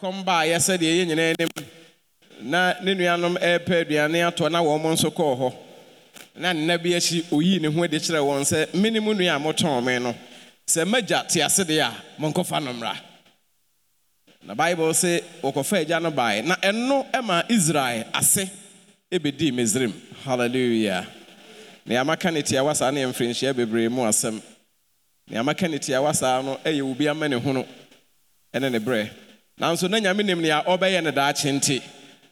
kɔm baayɛ sɛdeɛ yɛ nyinaa anim na ne nuanom ɛrepɛ eh, aduane atoɔ na wɔn nso kɔɔ hɔ na nna bi akyi oyii ne ho adi kyerɛ wɔn sɛ mene mu nua a motɔn me no sɛ magya te ase deɛ a monkɔfa no mmra na bible sɛ wɔkɔfa agya no baeɛ na ɛno ma israel ase ɛbɛdii misrim halleluya nea maka ne tia saa ne yɛ mfirinhyia bebree mu asɛm nea maka ne tia saa no ɛyɛ obi ama ne ɛne ne berɛ nanso na nyame nim nea ɔbɛyɛ ne daakye nti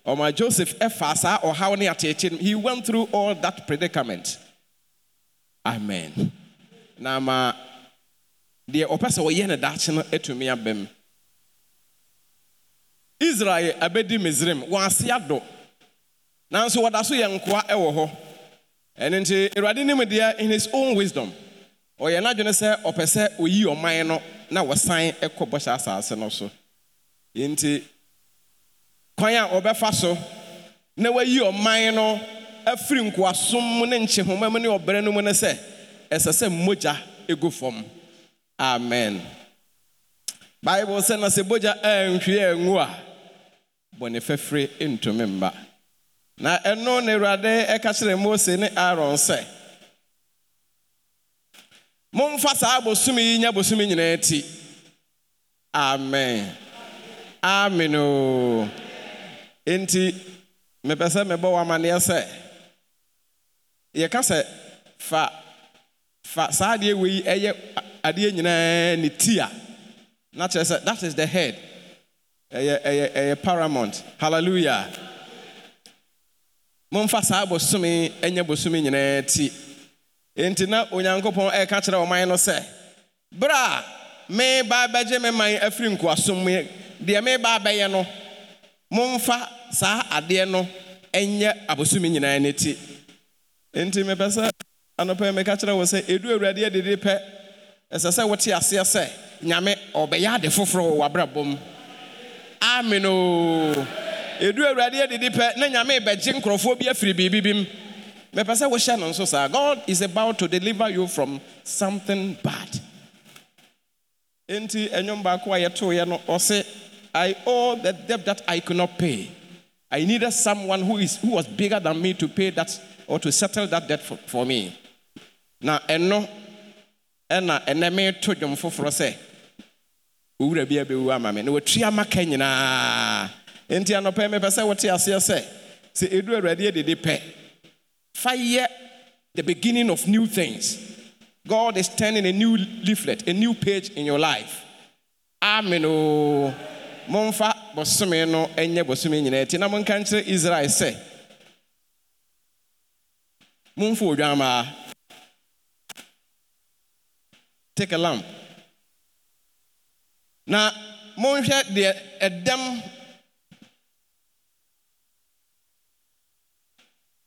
ɔma joseph ɛfa saa ɔhaw ne ateakye he went through all that predicament amen na ma deɛ ɔpɛ sɛ ɔyɛ ne daakye no atumi aba israel abɛdi misraim wɔn ase adɔ nanso wɔda so yɛ nkoa wɔ hɔ ɛno nti awurade nim deɛ in his own wisdom ɔyɛ n'adwene sɛ ɔpɛ sɛ oyi ɔman no na wɔsan kɔ bɔhyɛ asase no so nti kwan a ɔbɛfa so na wayi ɔman no afiri nkoasom mu ne nkyehoma mu ne ɔbrɛ no mu ne sɛ ɛsɛ sɛ mmogya egu fam amen bible sɛ na sɛ mogya anhwie angu a bɔne fɛfire ntumi mba na ɛno na awurade ɛka kyerɛ mose ne aaron sɛ momfa saa bosom yi nya bosom nyinaa ti amen amen o enti mepɛ sɛ mebɔ wɔ amanneɛ sɛ yɛka sɛ fa fa saa adeɛ wei ɛyɛ adeɛ nyinaa ne ti a na kyerɛ sɛ that is the head ɛyɛ ɛyɛ ɛyɛ paramount hallelujah momfa saa bosome ɛnyɛ bosome nyinaa ti nti na onyankopɔn ɛreka kyerɛ ɔman no sɛ bere a me ba bɛgye me man afiri nkoasom deɛ meba abɛyɛ no momfa saa adeɛ no ɛnyɛ abosome nyinaa ne ti nti mepɛ sɛ anɔpɛ meka kyerɛ wɔ sɛ ɛdu awurade adidi pɛ ɛsɛ sɛ wote aseɛ sɛ nyame ɔbɛyɛ ade foforɔ wɔ w'abrabɔ mu amen o ɛdu awurade adidi pɛ na nyame bɛgye nkurɔfoɔ bi afiri biribi bi mu mepɛ sɛ wohyɛ no nso saa god is about to deliver you from something bad enti ɛnwom baako a yɛtooeɛ no ɔse I owe the debt that I could not pay. I needed someone who, is, who was bigger than me to pay that or to settle that debt for, for me. Now, ɛno ɛna ɛnɛ me to dwom foforɔ sɛ owura bi abɛwu ama me na wɔtwi ama ka nyinaa enti anɔpɛ mepɛ sɛ wote aseɛ sɛ sɛ ɛdu awurade adede pɛ fa yɛ the beginning of new things god is turning a new leaflet a new page in your life amen o oh momfa bɔsome no enye bɔsome nyinaa ti na monka nkyerɛ israel se momfa odwammaa take a lamp na monhwɛ deɛ ɛdɛm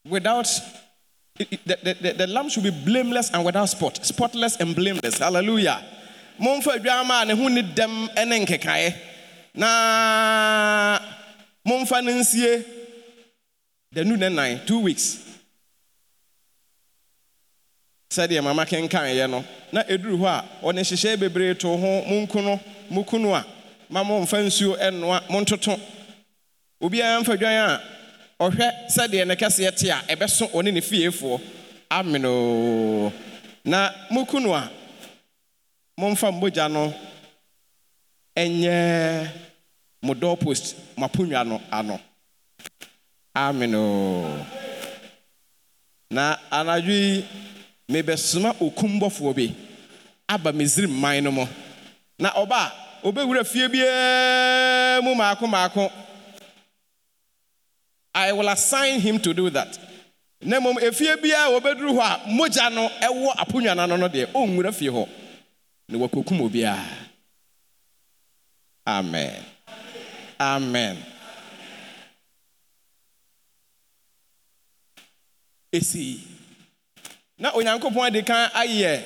without the, the, the, the should be blameless and without spot spotless and blameless hallelujah momfa odwammaa ne ho ni dɛm ne nkekaeɛ na momfa no nsie nu ne nan two weeks sɛdeɛ mama kenkaneɛ no na ɛduru hɔ a ɔne hyehyɛ bebree too ho monku no mokunu a ma momfa nsuo ɛnnoa montoto obiara mfa dwan a ɔhwɛ sɛdeɛ ne kɛseɛ te a ɛbɛso ɔne ne fiefoɔ amenoo na mokunu a momfa mmogya no ɛnyɛ mo doorpost mo aponnwa no ano amen o na anadwo yi mebɛsoma okumbɔfoɔ bi aba mesirim man no mu na ɔba a ɔbɛwura fie biara mu maako maako I will assign him to do that. na mmom efie biara wɔbɛduru hɔ a mogya no ɛwɔ aponnwa no ano no deɛ ɔnwura fie hɔ na wɔkɔkum obiara. Amen. Amen. Esi na Onyankopɔn adi kan ayɛ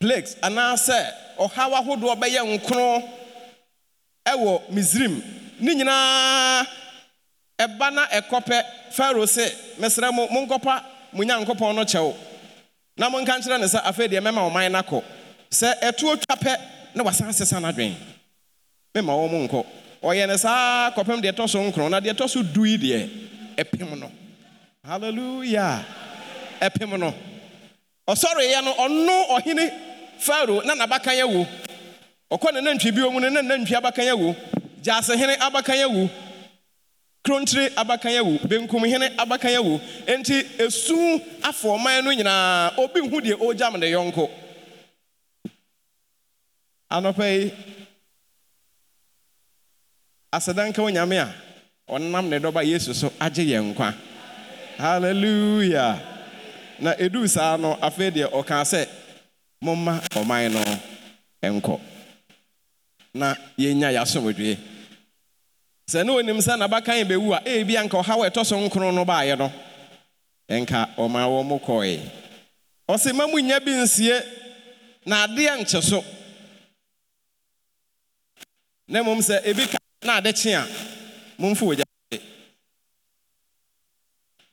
plagues anaasɛ ɔhaw ahodoɔ bɛyɛ nkono ɛwɔ Misrim ne nyinaa ɛba na ɛkɔpɛ Farao se mesrɛ mo monkɔpa mo Nyankopɔn no kyɛw na monka nkyerɛ ne sɛ afei deɛ mɛma ɔman no akɔ sɛ ɛtoɔ twa pɛ na wasan sesa n'adwene. mema wɔ m nkɔ ɔyɛ ne saa kɔpem deɛ ɛtɔ so nkron na deɛ ɛtɔ so du yi deɛ ɛpem no halleluya ɛpem no ɔsɔreeɛ no ɔno ɔhene faro na n'abakan awu ɔkɔ ne nantwi bio mu no na nantwi abakan awu gyasehene abakan awu krontire abakan awu benkumhene abakan awu nti esu afɔɔman no nyinaa obi nhu deɛ ɔgyam ne yɔnko anɔpɛ yi aseda nka onyame a ɔnam ne dɔba yesu so agye yɛn nkwa halleluya na ɛduu saa no afei deɛ ɔkaa sɛ momma ɔman no nkɔ na yɛnya yɛasomdwe sɛ ne onim sɛ n'abakan bɛwu a ebia nka ɔhaw ɛtɔ so nkron no baayɛ no nka ɔma wɔn mo kɔe ɔsɛ ma mu nya bi nsie na adeɛ nkyɛ so na mmom sɛ ebi ka na adekye a momfa ogya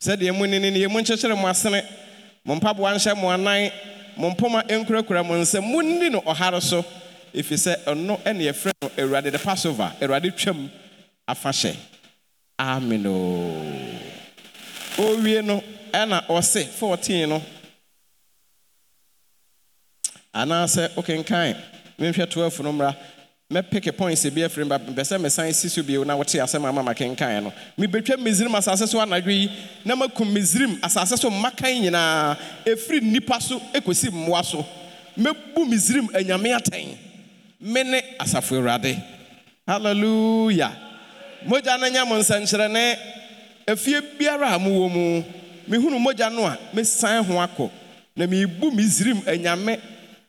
sɛdeɛ mu nini yɛ mu nkyekyere mo asene mo mpaboa nhyɛ mo anan mo mpoma nkurakura mo nsam munni no ɔhare so ɛfiri sɛ ɛno ɛne yɛfrɛ no awurade de passover awurade twam afahyɛ amen o owie no ɛna ɔse 14 no anaasɛ wokenkan menhwɛ 12 no mmra mɛpeke points bi afiri mba mpɛ sɛ mesan si so bio na wote asɛm ama makenkan no mebɛtwa misrim asase so anadwo yi na maku misrim asase so mmakan nyinaa ɛfiri nnipa so ɛkɔsi mmoa so mɛbu misrim anyame atɛn me ne asafo awurade halleluya mogya no nyɛ mo nsɛnkyerɛne afie biara a mowɔ mu mehunu mogya no a mesan ho akɔ na mebu misrim anyame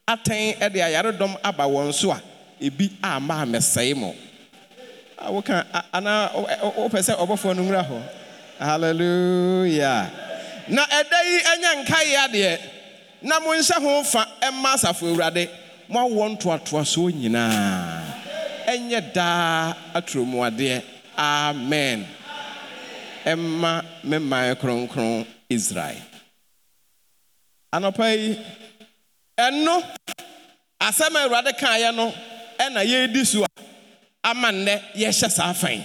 atɛn de ayaredɔm aba wɔn so a ebi ama amesɛe mo a woka anaa wopɛ sɛ ɔbɔfoɔ no nwura hɔ hallelujah na ɛda yi nka nkae adeɛ na monhyɛ ho fa ɛma asafo awurade moawoɔ ntoatoasoɔ nyinaa ɛnyɛ daa atoromuadeɛ amen ɛma me man kronkron israel anɔpa yi ɛno asɛm a awurade kaeɛ no ɛna yɛredi so a ama nnɛ yɛhyɛ saa fan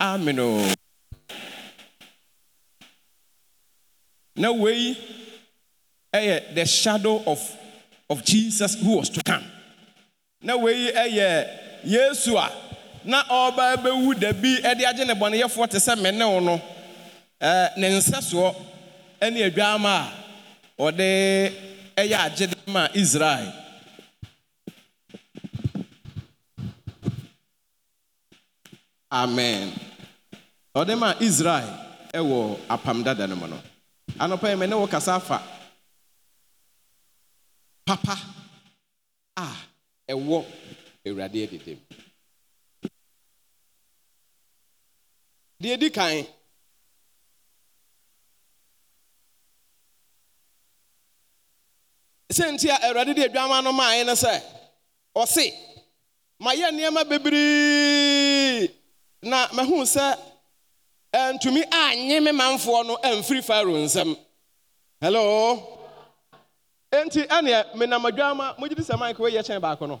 amen na wei ɛyɛ the shadow of of jesus who was to come na wei ɛyɛ yesu a na ɔreba bɛwu dabi ɛde agye ne bɔneyɛfoɔ te sɛ mmenew no ɛɛ ne nsɛsoɔ ɛne adwama a ɔde ɛyɛ agye dama israel. amen ɔde ma israel ɛwɔ apam dada no mu no anɔpa yi mɛ ne kasa afa papa a ɛwɔ awurade adedam deɛ di kan sɛnti a awurade de adwama no maaeɛ no sɛ ɔse mayɛ nneɛma bebree na mahuu sɛ ntumi anye me manfoɔ no amfiri faro nsɛm hello enti ɛneɛ menam adwama mogye di sɛ mike wɔyɛ kyɛn baako no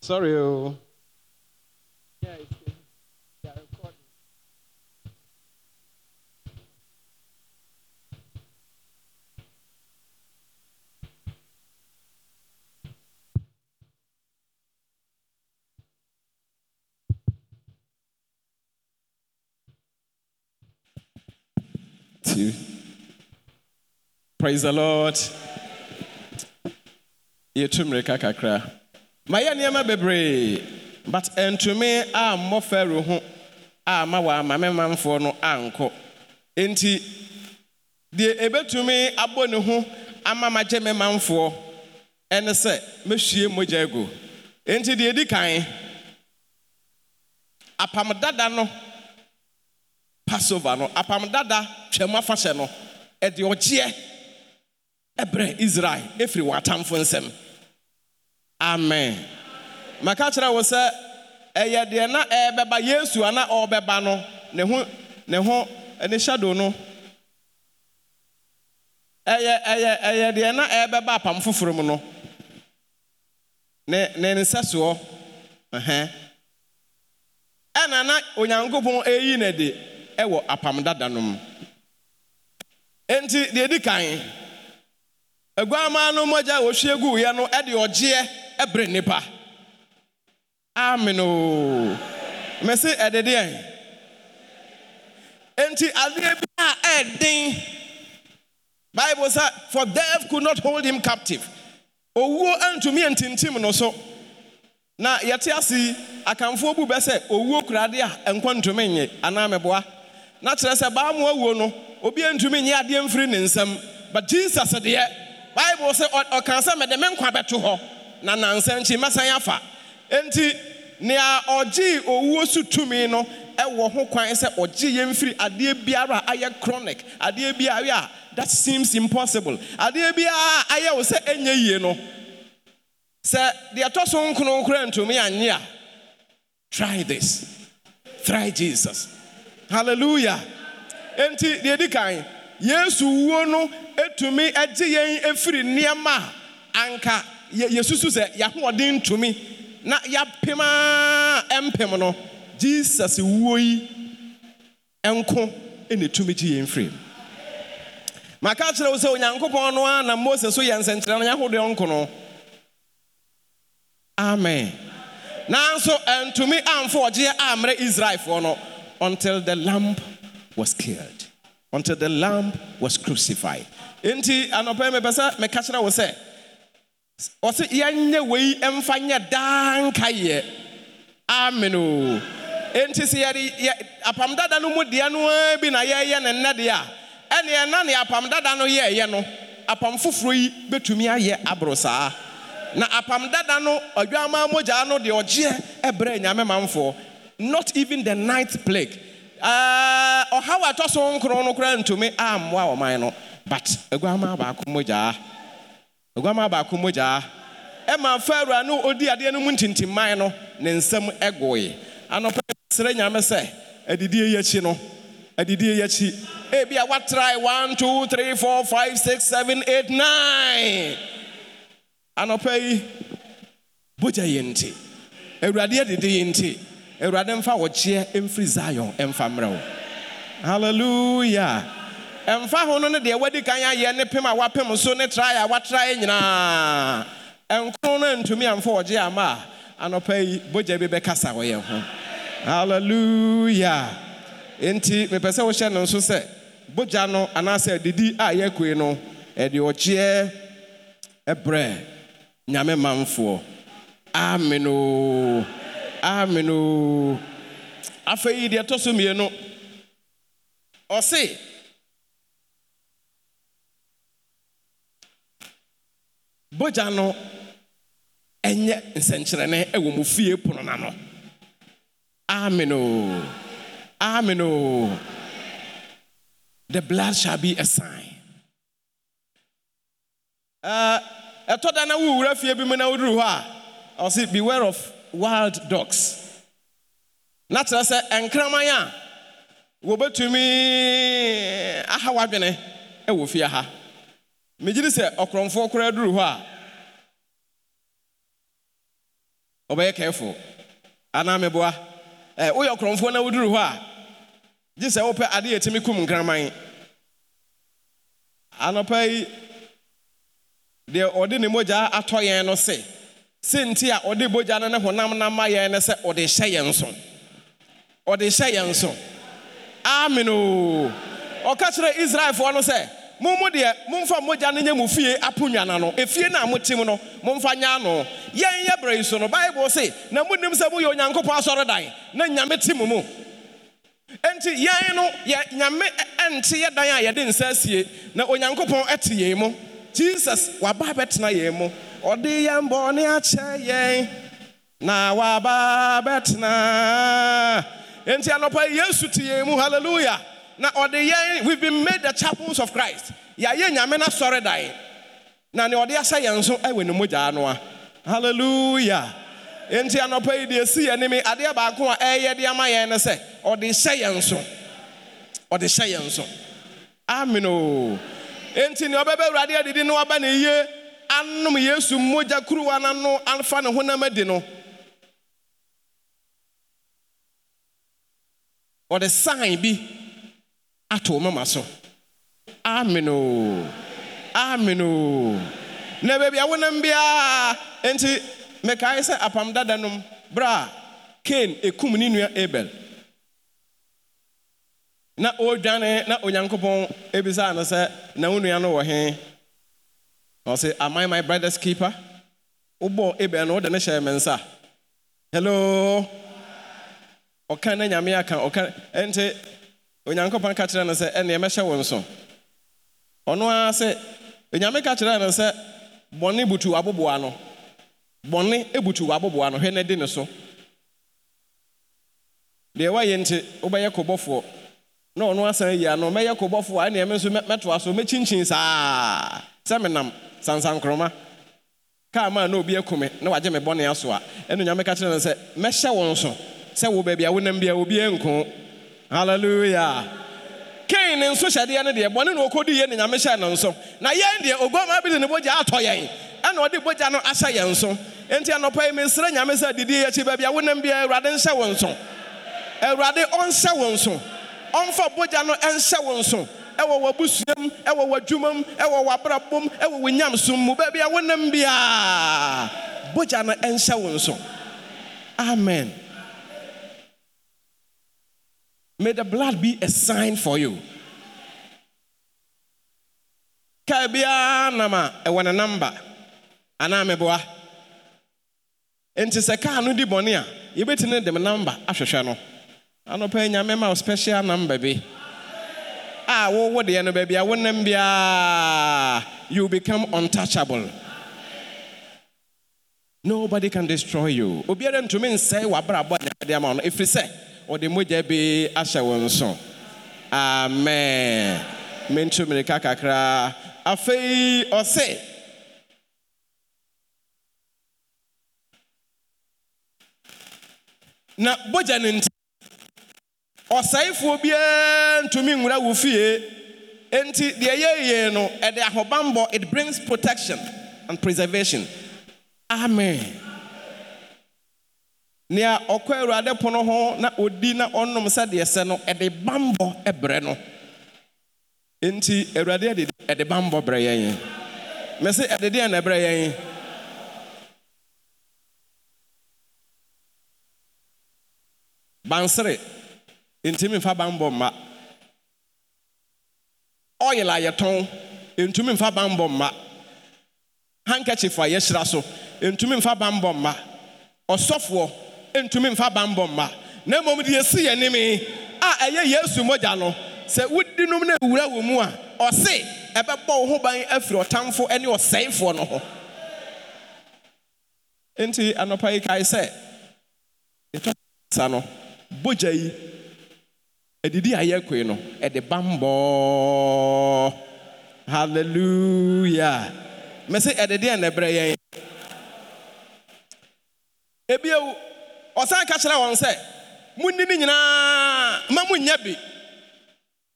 sorry o oh. two. Praise the Lord. yɛtu mmirika kakra mayɛ nneɛma bebree but ntumi ammɔ faro ho ama wɔama me manfoɔ no ankɔ enti deɛ ɛbɛtumi abɔ ne ho ama magye me manfoɔ ɛne sɛ mɛhwie mogya agu enti deɛ ɛdi kan apam dada no passover no apam dada twam afahyɛ no ɛde ɔgyeɛ ɛbrɛ israel ɛfiri wɔn atamfo nsɛm amen maka kyerɛ wo sɛ ɛyɛ deɛ na ɛrebɛba yesu ana na ɔrebɛba no ne ho ne ho ne shadow no ɛyɛ ɛyɛ ɛyɛ deɛ na ɛrebɛba apam foforɔ mu no ne ne nsɛsoɔ ɛhɛn ɛna na onyankopɔn ɛyi ne de. ɛwɔ apam dada no mu enti deɛ ɛdi kan aguamaa no mmɔgya a wɔhwie guiɛ no ɛde ɔgyeɛ ɛbere nnipa amen oo mɛ se ɛde deɛn enti adeɛ bi a ɛɛden bible sɛ for death could not hold him captive owuo antumi antintim no so na yɛte ase akamfoɔ bu bɛ sɛ owuo kurade a nkwa ntumi nye anaa mɛboa na kyerɛ sɛ baa mu awuo no obi ntumi nye adeɛ mfiri ne nsam but jesus deɛ bible sɛ ɔka sɛ mede me nkwa bɛto hɔ na nansa nkyi mɛsan afa enti nea ɔgyee owuo so tumi no ɛwɔ ho kwan sɛ ɔgye yɛn firi adeɛ biara a ayɛ chronic adeɛ biara a that seems impossible adeɛ biara a ayɛ wo sɛ ɛnyɛ yie no sɛ deɛ ɛtɔ so nkono ntumi anye a try this try jesus halleluya enti deɛ ɛdi yesu wuo no ɛtumi ɛgye yɛn ɛfiri nneɛma a anka yɛsusu sɛ yɛahoɔden ntumi na yɛapem a ɛmpem no jesus wuo yi ɛnko ɛna ɛtumi gye yɛn firi maka kyerɛ wo sɛ onyankopɔn no a na mose so yɛ nsɛnkyerɛ no yɛahodeɛ nko no amen nanso ɛntumi amfa ɔgyeɛ ammerɛ israelfoɔ no until the lamb was killed, until the lamb was crucified. Nti anɔpɛ mepɛ sɛ meka kyerɛ wo sɛ ɔse yɛnyɛ wei mfa nyɛ daa nka yɛ amen o enti sɛ yɛde apam dada no mu deɛ no bi na yɛreyɛ ne nnɛ deɛ a ɛne ɛna ne apam dada no yɛɛyɛ no apam foforɔ yi ayɛ aboro saa na apam dada no ɔdwamaa mogyaa no deɛ ɔgyeɛ ɛbrɛ nyame manfoɔ not even the ninth plague. ɔhaw uh, a ɛtɔ so nkron no to me. ammoa ɔman no but aguama baako mmogyaa aguama baako mmogyaa ɛma farao a ne ɔdi adeɛ no mu ntintimman no ne nsam ɛgoe anɔpɛ srɛ nyame sɛ adidie yi akyi no adidie yi akyi ebi a try one two three four five six seven eight nine. anɔpɛ yi bogya yɛ nti awurade adidi yɛ nti awurade mfa wɔkyeɛ mfiri zion mfa mmerɛ wo halleluya ɛmfa ho no no deɛ wadi kan ayɛ ne pem a wapem so ne trae a watrae nyinaa ɛnko no ntumi amfa wɔgye ama a anɔpa yi bogya bi bɛkasa wɔ yɛn ho halleluya enti mepɛ sɛ wohyɛ no nso sɛ bogya no anaasɛ didi a yɛakue no ɛde ɔkyeɛ ɛbrɛ nyame manfoɔ amen oo ameno oh. afeiyi deɛ ɛtɔ so mmie no ɔse bogya no ɛnyɛ nsɛnkyerɛnne ɛwɔmu fie ponona no amenoamenoo oh. oh. the blood sha bi asae uh, ɛtɔ da na wowura fie bi mu na woduru hɔ a ɔse beware of wild dogs na kyerɛ sɛ nkraman a wɔbɛtumi aha w'adwene wɔ fie ha megyere sɛ ɔkorɔmfoɔ koraa duru hɔ a ɔbɛyɛ kɛɛfo anaa meboa woyɛ ɔkorɔmfoɔ na woduru hɔ a gye sɛ wopɛ ade yɛtumi kum nkraman anɔpa yi deɛ ɔde ne mogya atɔ yɛn no se se nti a ɔde bogya no ne honam na ma yɛn ne sɛ ɔde hyɛ yɛn so ɔde hyɛ yɛn so amen o ɔka kyerɛ israelfoɔ no sɛ momu deɛ momfa mogya no nyɛ mu fie aponnwana no efie no a tim no momfa nyɛ ano yɛn yɛ berɛ yi so no bible se na monim sɛ moyɛ onyankopɔn asɔredan na nyame te mo mu enti yɛn no yɛ nyame ɛnte yɛ dan a yɛde nsa asie na onyankopɔn ɛte yɛn mu jesus waba abɛtena yɛn mu ɔde yɛn bɔne akyɛ yɛn na waba bɛtena enti anɔpa yesu te mu hallelujah na odi yɛn we've been made the chapels of christ yɛayɛ nyame no asɔredan na ne odi asa yɛn so ɛwɔ ne mogyaa no a hallelujah enti anɔpa yi deɛ ɛsi yɛn anim adeɛ baako a ɛyɛ de ama yɛn no sɛ ɔde hyɛ yɛn so ɔde hyɛ yɛn so amen o enti ne ɔbɛbɛ awurade adidi na waba ne yie anum yesu mogya kuruwa n'ano afa ne honam di no ɔde sign bi ato mama so amen amino amen o na baabi a bia biara nti mekae sɛ apam dada nom berɛ a ekum ne nua abel na ɔredwane na onyankopɔn ebisa no sɛ na wo nua no wɔ he na ɔse am I my brother's keeper wobɔ abel no wode ne me nsa hello ɔka na nyame aka ɔka ɛnti onyankopɔn ka kyerɛ no sɛ ɛneɛ mɛhyɛ wo nso ɔno ara sɛ onyame ka kyerɛ no sɛ bɔne butu waboboa no bɔne waboboa no hwɛ na di ne so deɛ woayɛ nti wobɛyɛ kɔbɔfoɔ na ɔno asan yi ano mɛyɛ kɔbɔfoɔ a ɛneɛ me nso mɛtoa so mɛkyinkyin saa sɛ menam sansankroma kaa maa na obi akume na wagye me bɔne aso a ɛno nyame ka kyerɛ no sɛ mɛhyɛ wo nso sɛ wo baabi a wonam bia obi nko hallelujah kain ne nso hyɛdeɛ no deɛ bɔne na ɔkɔdi yɛ ne nyame hyɛ no nso na yɛn deɛ oguama bi de ne bogya atɔ yɛn ɛna ɔde bogya no ahyɛ yɛn nso enti anɔpa yi mesrɛ nyame sɛ didi yɛkyi uh, baabi a wonam bia awurade nhyɛ wo nso awurade ɔnhyɛ wo nso ɔmfa bogya no ɛnhyɛ wo nso ɛwɔ w'abusuam ɛwɔ w'adwumam ɛwɔ w'abrabom ɛwɔ wo nyamsom mu baabi a wonam biaa bogya no ɛnhyɛ wo nso amen may the blood be a sign for you kaa biara nam a ɛwɔ ne namba anaa meboa nti sɛ kaa no di bɔne a yɛbɛtumi de m namba ahwehwɛ no anɔpa nyame ma wo special number bi a wɔwɔ no baabi a wonam biara you become untouchable nobody can destroy you obiara ntumi nsɛe w'abrabɔ a nyade ama no ɛfiri sɛ ɔde mogya bi ahyɛ wo nso amen mentu mmirika kakra afei ɔse na bogya no nti ɔsɛefoɔ biara ntumi nwura wo fie enti deɛ yie no ɛde ahobanbɔ it brings protection and preservation amen nea ɔkɔ awurade pono ho na ɔdi na ɔnom sɛdeɛ sɛ no ɛde bambɔ brɛ no enti awurade ɛde bambɔ brɛ yɛn mɛ sɛ ɛde deɛ na ɛbrɛ yɛn bansere ntumi nfa banbɔ mma ɔyel a ntumi nfa banbɔ mma handkerchief a yɛhyira so ntumi nfa banbɔ mma ɔsɔfoɔ ntumi nfa banbɔ mma na mmom deɛ esi yɛn nimi a ɛyɛ yesu mogya no sɛ wodi nom na ewura wɔ mu a ɔse ɛbɛbɔ wo ho ban afiri ɔtamfo ne ɔsɛefoɔ no hɔ nti anɔpa yi kae sɛ yɛtɔ sa no bogya yi adidi a yɛkoe no ɛde bambɔɔ halleluya mɛsɛ ɛde deɛ na ɛbrɛ yɛn ebio ɔsan ka wɔn sɛ mundi ne nyinaa ma monnyɛ bi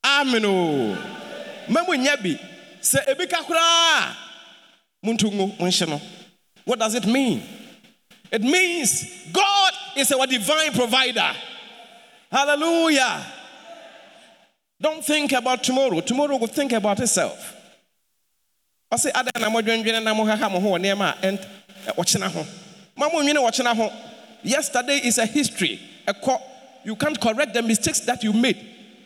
amen o ma monnyɛ bi sɛ ebi ka koraa muntu ngo monhye no what does it mean it means god is our divine provider hallelujah don't think about tomorrow. Tomorrow will think about itself. I say, Ada na mo dwendwene na mo haha mo ho nema and eh, wɔkyena ho. Ma mo nwene wɔkyena ho. Yesterday is a history. You can't correct the mistakes that you made.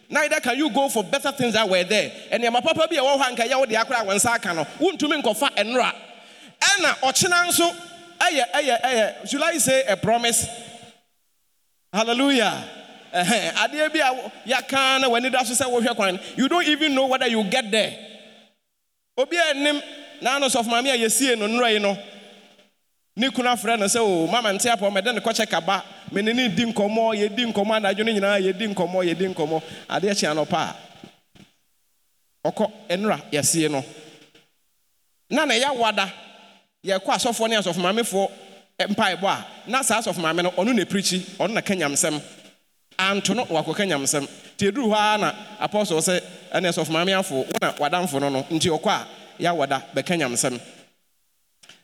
Neither can you go for better things that were there. And your papa be a wo hanka ya wo de akra wan saka no. Wuntumi nkofa enra. Ɛna ochina nso ɛyɛ ɛyɛ ɛyɛ should I say a promise? Hallelujah. adeɛ bi a yɛaka na w'ani da so sɛ wohwɛ kwan you don't even know whether you get there obi a nim naano sɔfomaame a yɛsie no nnora yi no ne kuna frɛ no sɛ o oh, mama nte apɔ mɛde ne kɔkyɛ kaba mene ne di nkɔmmɔ yɛdi nkɔmmɔ anadwo no nyinaa yɛdi nkɔmmɔ yɛdi nkɔmmɔ adeɛ kye anɔpa a ɔkɔ nnora yɛsie no na na ɛyɛ awada yɛkɔ asɔfoɔ ne asɔfomaamefoɔ mpaebɔ a na saa asɔfomaame no ɔno na ɛpirikyi ɔno na ka nyamsɛm anto no ka nyamsɛm nti ɛduru hɔ ara na apɔsɔl sɛ ɛne sɔfomaame afo wo na wadamfo no no nti ɔkɔ a yɛawɔda bɛka nyamsɛm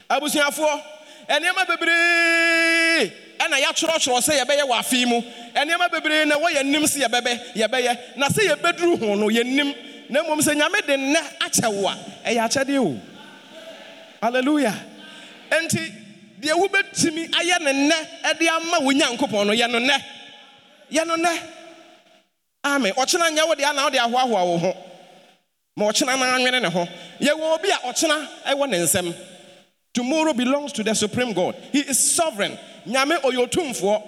abusuafoɔ nneɛma bebree na yɛatwerɛtwerɛ sɛ yɛbɛyɛ wɔ afei mu nneɛma bebree na wɔyɛ nim sɛ yɛbɛbɛ yɛbɛyɛ na sɛ yɛbɛduru ho no yɛnim na mmom sɛ nyame de nnɛ akyɛ wo a ɛyɛ akyɛdeɛ o hallelujah enti deɛ wobɛtumi ayɛ ne nnɛ de ama wo nyankopɔn no yɛ no nnɛ yɛ no nɛ ame ɔkyena nyɛ wo deɛ ana wode ahoahoa wo ho ma ɔkyena na anwene ne ho yɛwɔ obi a ɔkyena ɛwɔ ne nsɛm tomorrow belongs to the supreme god he is sovereign nyame ɔyɛ otumfoɔ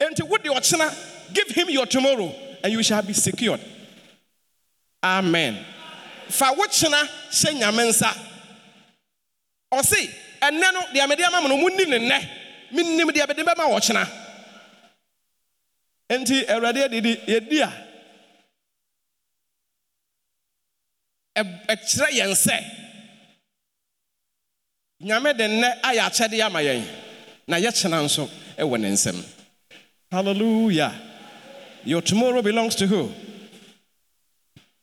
enti wode ɔkyena give him your tomorrow and you shall be secured amen fa wo kyena hyɛ nyame nsa ɔse ɛnɛ no deɛ mede ama mo no monim ne nnɛ menim deɛ mede bɛma wɔkyena enti awurade adidi ɛdi a ɛkyerɛ yɛn sɛ nyame de nnɛ ayɛ akyɛdeɛ ama yɛn na yɛkyena nso ɛwɔ ne nsɛm halleluya your tomorrow belongs to he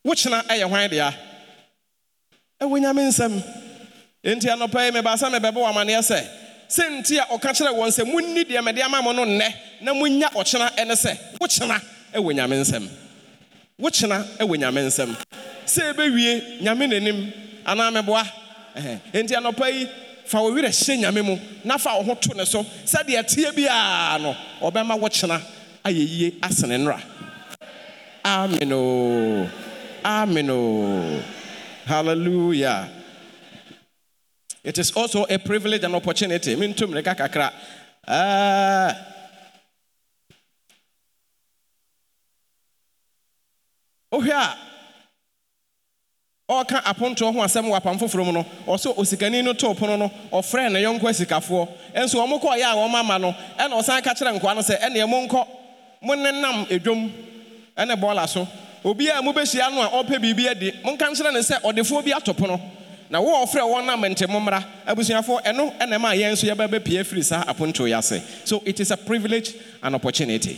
wokyena ɛyɛ hwan dea ɛwɔ nyame nsɛm enti ɛnɔpɛ yi mebaasa mebɛbɛ wa amanneɛ sɛ sɛ a ɔka kyerɛ wɔn sɛ munni deɛ mɛde ama mo no nnɛ na munya ɔkyena ɛne sɛ wokyena ɛwɔ nyame nsɛm wokyena ɛwɔ nyame nsɛm sɛ ɛbɛwie nyame n'anim anaa mɛboa enti anɔpa yi fa wo werɛ hyɛ nyame mu na fa wo ho to ne so biara no ɔbɛma wokyena ayɛ yie asene nnora hallelujah It is also a privilege and opportunity. Mintum neka kakra. Eh. Ohwɛ a ɔreka apontoɔ ho asɛm wɔ apam foforɔ mu no ɔsɛ osikani no too pono no ɔfrɛ ne yɔnko asikafoɔ ɛnso wɔn kɔɔyɛ a wɔn ama no ɛna ɔsan ka kyerɛ nkoa no sɛ ɛnea monkɔ monenam edwom ɛne bɔɔla so obiara mobɛhyia no a ɔpɛ biribi adi monka nkyerɛ ne sɛ ɔdefoɔ bi ato pono na wo ɔfrɛ wɔn nam ntɛmu mmara abusuafoɔ ɛno ɛna ɛma yɛn nso yɛbɛbɛpie firi saa aponto yi ase so it is a privilege and opportunity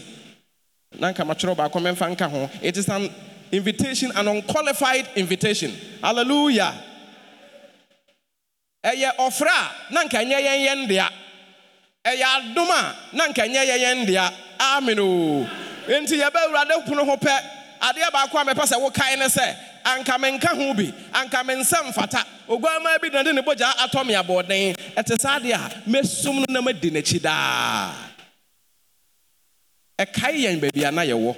na matwerɛ baako mɛmfa nka ho it is an invitation an unqualified invitation hallelujah ɛyɛ ɔfrɛ a na nka nyɛ yɛn yɛn dea ɛyɛ adom a na nka nyɛ yɛn yɛn dea amen o nti yɛbɛ awurade pono ho pɛ adeɛ baako a mɛpɛ sɛ wokae ne sɛ anka menka ho bi anka mensa mfata oguama bi dande ne bogya atɔ me abɔden ɛte saa deɛ a mɛsum no na madi n'akyi daa ɛkae yɛn baabi a na yɛwɔ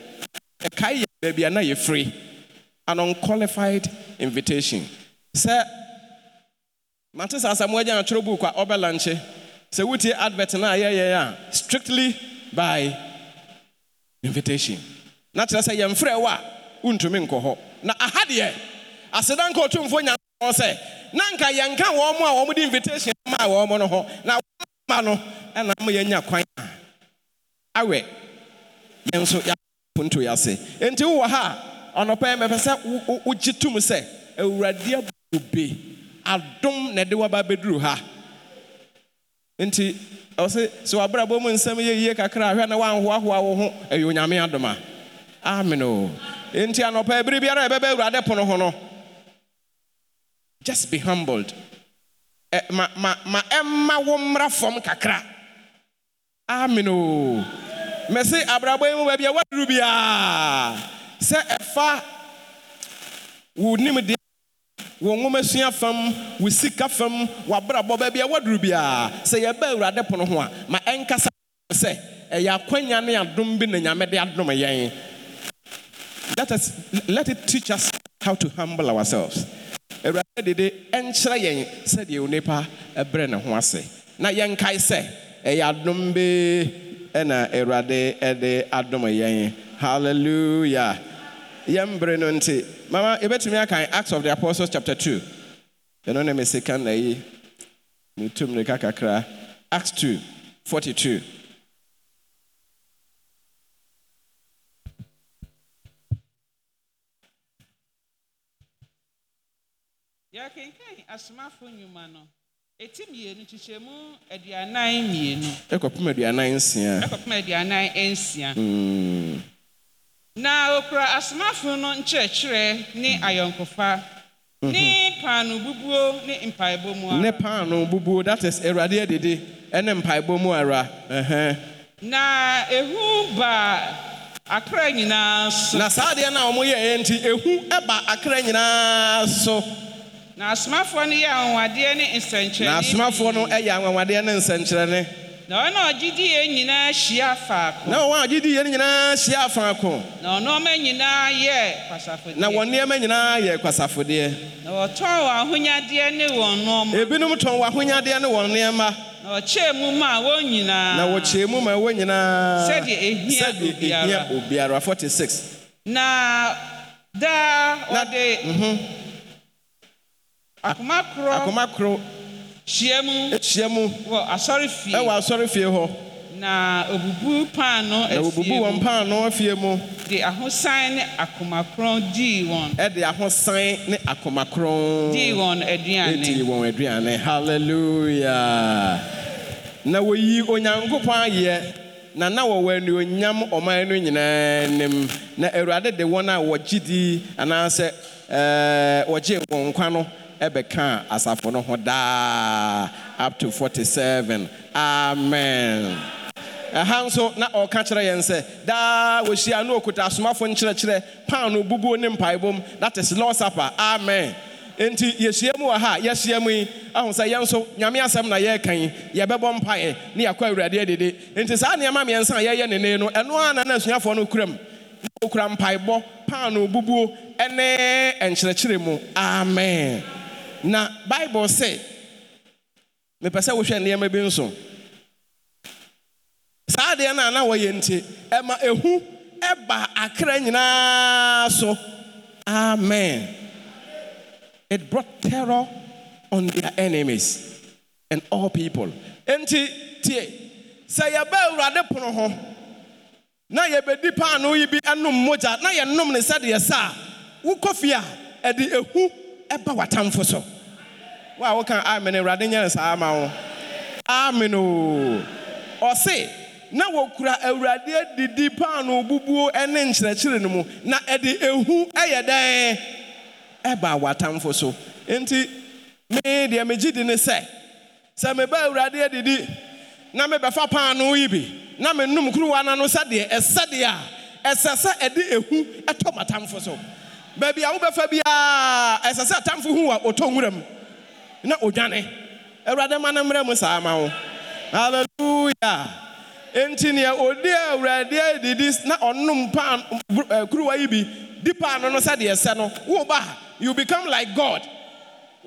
ɛkae yɛn baabi a na yɛfiri an unqualified invitation sɛ mate saa sɛ moagya atwerɛ book a ɔbɛlankye sɛ wotie advert no a yɛyɛ a strictly by invitation na kyerɛ sɛ yɛmfrɛ wo a wontumi nkɔ hɔ na aha deɛ aseda nka ɔtumfoɔ nyankopɔn sɛ na nka yɛnka wɔn mo a wɔn de invitation maa wɔn mo no ho na wɔn ma no ɛna mo yɛnya kwan a awɛ yɛn nso yɛapo nto yɛ ase nti wowɔ ha a ɔnɔpɛ mɛpɛ sɛ wogye tum sɛ awurade abu be adom na ɛde waba bɛduru ha nti ɔsɛ sɛ wabrabɔ mu nsɛm yɛ yie kakra ahwɛ na woanhoahoa wo ho ɛyɛ onyame adoma amen o nti anɔpa ebiri biara ɛbɛbɛ awurade pono ho no just be humbled ma ma ma ɛma wo mmra fam kakra amen o mɛsi abrabɔ yi mu baabi a waduru biara sɛ ɛfa wo nim deɛ wo nwoma sua fam wo sika fam wabrabɔ baabi a waduru biara sɛ yɛbɛ awurade pono ho a ma ɛnkasa sɛ ɛyɛ akwanya ne adom bi na nyame de adom yɛn. let us let it teach us how to humble ourselves awurade de de nkyerɛ yɛn sɛdeɛ onipa brɛ ne ho ase na yɛnkae sɛ ɛyɛ adom bee ɛna awurade de adom yɛn hallelujah yɛn bere no nti mama yɛbɛtumi akan acts of the apostles chapter 2 ɛno ne mesika na yi metum ne kakakra acts two, forty two. yɛkenkan asomafo nnwuma no ɛti mmienu kyekyɛmu aduanan mmienu ɛkɔpem aduanan nsia ɛkɔpem aduanan nsia hmm. na wɔkura asomafo no nkyerɛkyerɛ ne hmm. ayɔnkofa hmm. ne paano bubuo ne mpaebɔ mu ara ne paano bubuo that is awurade adidi ɛne mpaebɔ mu ara na ehu ba akra nyinaa so na saa adeɛ no a wɔyɛɛ nti ehu ba akra nyinaa so na asomafoɔ no yɛ anwanwadeɛ ne nsɛnkyerɛnne na asomafoɔ no yɛ anwanwadeɛ ne nsɛnkyerɛnne na ɔno a ɔgye di yɛn nyinaa hyia faako na wɔn a ɔgye di yɛn nyinaa hyia faako na ɔnɔɔma nyinaa yɛ kwasafodeɛ na wɔn nneɛma nyinaa yɛ kwasafodeɛ na wɔtɔn wɔn ahonyadeɛ ne wɔn nneɛma ebinom tɔn wɔn ahonyadeɛ ne wɔn nneɛma na wɔkyɛɛ mu ma wɔn nyinaa na wɔkyɛɛ mu ma wɔn nyinaa sɛdeɛ ehia obiara sɛdeɛ ehia obiara 46. na daa ɔde. Mhm. akomakoro hyia mu hyia mu wɔ asɔre fie ɛwɔ asɔre fie hɔ na obubu paano afie mu na obubu wɔn paano afie mu de ahosan ne akomakoro dii wɔn ɛde ahosan ne akomakoro dii wɔn aduane dii wɔn aduane hallelujah na woyi onyankopɔn ayɛ na na wɔwɔ anuonyam ɔman no nyinaa anim na awurade de wɔn a wɔgye di anaasɛ ɛɛ wɔgye wɔn nkwa no. ɛbɛkaa asafo no ho daa up to 47 amen ɛha nso na ɔka kyerɛ yɛn sɛ daa wɔhyia na ɔkuta asomafo nkyerɛkyerɛ paano bubuo ne mpaebom that is lord supper amen enti yɛhyia mu wɔ ha yɛhyia mu yi ahu sɛ yɛn nso nyame asɛm na yɛreka yi yɛbɛbɔ mpaeɛ ne yɛakɔ awurade adidi enti saa nneɛma mmiɛnsa a yɛyɛ nene no ɛno ara na na asuafoɔ no kuram na wɔkura mpaebɔ ene bubuo ne nkyerɛkyerɛ mu amen na bible says, mepɛ sɛ wohwɛ nneɛma bi nso saa adeɛ no a na wɔyɛ nti ɛma ɛhu ɛba akra nyinaa so amen it brought terror on their enemies and all people enti tie sɛ yɛba awurade pono ho na yɛbɛdi paano yi bi nom mogya na yɛnom ne sɛdeɛ sɛ a wokɔ fie a ɛde ɛhu ɛba w'atamfo so wa a woka amen awurade nyɛ ne saa ama wo amen o ɔse na wɔkura awurade adidi paano bubuo ne nkyerɛkyerɛ no mu na ɛde ehu yɛ dɛn ɛba w'atamfo so nti me deɛ megye di ne sɛ sɛ meba awurade adidi na mebɛfa paano yi bi na menum kuruwa na no sɛdeɛ ɛsɛdeɛ a ɛsɛ sɛ ɛde ehu ɛtɔ m'atamfo so baabi a wobɛfa biara ɛsɛ sɛ atamfo hu a ɔtɔ nwura mu na odwane awurade ma no mmerɛ mu saa ma wo halleluya enti nea odi awurade adidi na ɔnom pan eh, kuruwa yi bi di pan no no sɛdeɛ sɛ no woba you become like god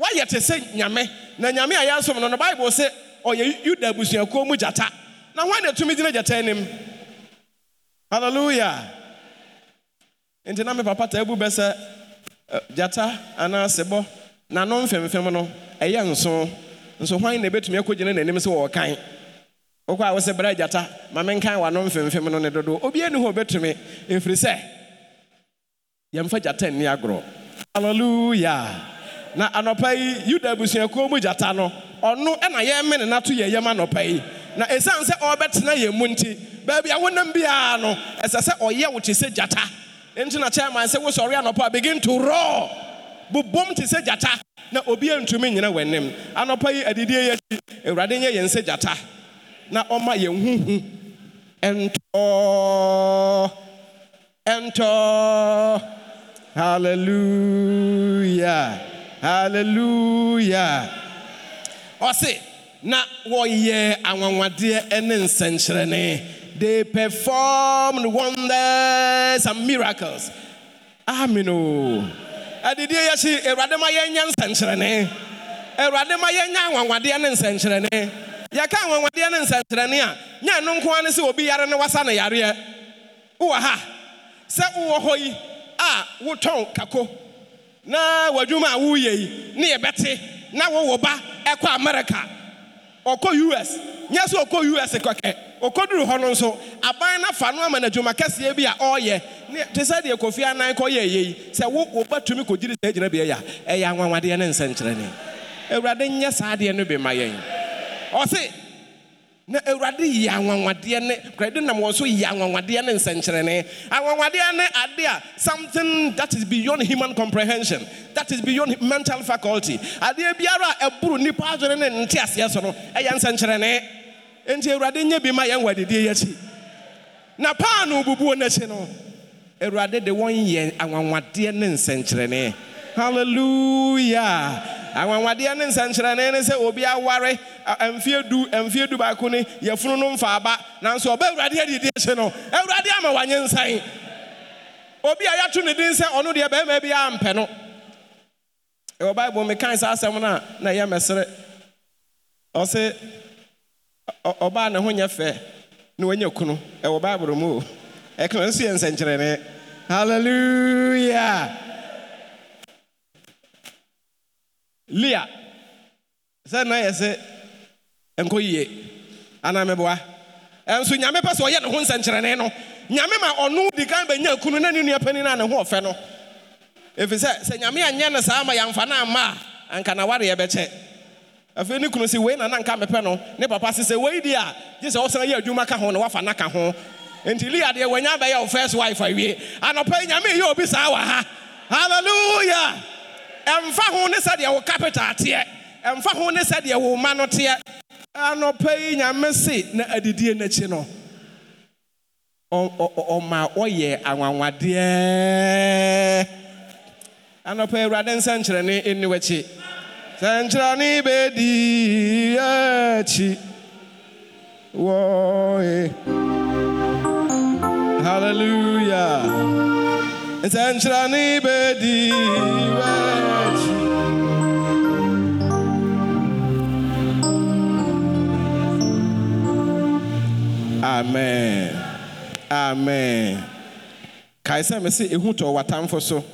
woayɛ te sɛ nyame na nyame a yɛasom no no bible sɛ ɔyɛ yuda abusuakuo mu gyata na hwan na tumi gyina gyata anim halleluya enti na me papa taa bu bɛ sɛ eh, gyata anaa sebɔ na no mfemfem no ɛyɛ nso nso hwan na ɛbɛtumi akɔgyina n'anim sɛ wɔɔkan wokɔ a wo sɛ brɛ agyata ma menkan wano mfemfem no ne dodo obiaa ni hɔ ɔbɛtumi efiri sɛ yɛmfa gyata nni agorɔ Hallelujah! na anɔpa yi yuda abusuakuo mu gyata no ɔno ɛna yɛme ne nato yɛ yɛm anɔpa yi na esan sɛ ɔrebɛtena yɛn mu nti baabi a wonam biara no ɛsɛ sɛ ɔyɛ wo te sɛ gyata enti na chairman sɛ wosɔre anɔpa a begin to roar bobom te sɛ gyata na obi antumi nyina w'anim anɔpa yi adidie yi akyi awurade nyɛ yɛn sɛ gyata na ɔma yɛn ho hu ɛntɔɔ ɛntɔɔ hallelujah hallelujah ɔse na wɔyɛ anwanwadeɛ ne nsɛnkyerɛnne they perform wonders and miracles Amino adidie yɛ si awurade ma yɛnya nsɛnkyerɛnne awurade ma yɛnya anwanwadeɛ ne nsɛnkyerɛnne yɛka anwanwadeɛ ne nsɛnkyerɛnne a nyɛ no nko ne sɛ obi yare ne wasa ne yareɛ wowɔ ha sɛ wowɔ hɔ yi a wotɔn kako na w'adwuma a woyɛ yi ne yɛbɛte na wowɔ ba ɛkɔ amerika ɔkɔ us nyɛ sɛ ɔkɔ us kɔkɛ ɔkɔduru hɔ no nso aban no afa no ama no adwuma kɛseɛ bi a ɔreyɛ ne te sɛ deɛ kofi anan kɔyɛ ɛyɛ yi sɛ wo wobɛtumi kɔgyiri saa gyinabea yɛ a ɛyɛ anwanwadeɛ ne nsɛnkyerɛne awurade nyɛ saa adeɛ no bi ma yɛn na awurade yɛ anwanwadeɛ ne kurade nam so anwanwadeɛ ne nsɛnkyerɛne anwanwadeɛ ne ade a something that is beyond human comprehension that is beyond mental faculty adeɛ biara a ɛboro nnipa adwene ne nteaseɛ so no ɛyɛ nsɛnkyerɛne nti awurade nye bi ma yɛn wɔ adidie yɛkyi na paano bubuo n'akyi no awurade de wɔn yɛ anwanwadeɛ ne nsɛnkyerɛnne hallelujah anwanwadeɛ ne nsɛnkyerɛnne ne sɛ obi aware mfie du mfie du baako ne yɛfunu no mfa aba nanso ɔbɛ awurade adidie akyi no awurade ama wɔn nsan obi a yɛato ne din sɛ ɔno deɛ bɛrima bi ampɛ no ɛwɔ baibu mekan saa asɛm no a na ɛyɛ mɛsere ɔse. ɔbaa ne ho nyɛ fɛ ne wanya kunu ɛwɔ bible mu o ɛkna ɛnso yɛ nsɛnkyerɛnnee halleluia lea sɛ nna yɛ se nkɔ yie anameboa ɛnso nyame pɛ sɛ ɔyɛ ne ho nsɛnkyerɛnnee no nyame ma ɔno di kan bɛanya kunu na ne nua pani no a ne hoɔfɛ no ɛfir sɛ sɛ nyame anyɛ ne saa ma yɛamfa ne ammaa anka nawareyɛbɛkyɛ afei ne kunu si wei na nanka mepɛ no ne papa si sɛ wei di a gye sɛ ɔsan yɛ adwuma ka ho na wafa naka ho nti lia deɛ wɔnya bɛyɛ wo first wife awie anɔpa yi nyame yɛ obi saa wɔ ha hallelujah ɛmfa ho ne sɛdeɛ wo capital teɛ ɛmfa ho ne sɛdeɛ wo ma no teɛ anɔpa yi nyame se na adidie n'akyi no ɔma ɔyɛ anwanwadeɛ anɔpa yi awurade nsɛnkyerɛne ɛni w'akyi sɛ nkyerɛ ne bɛdi akyi wɔe halleluya sɛ nkyerɛ amen amen Kaisa sɛ me se ɛhu w'atamfo so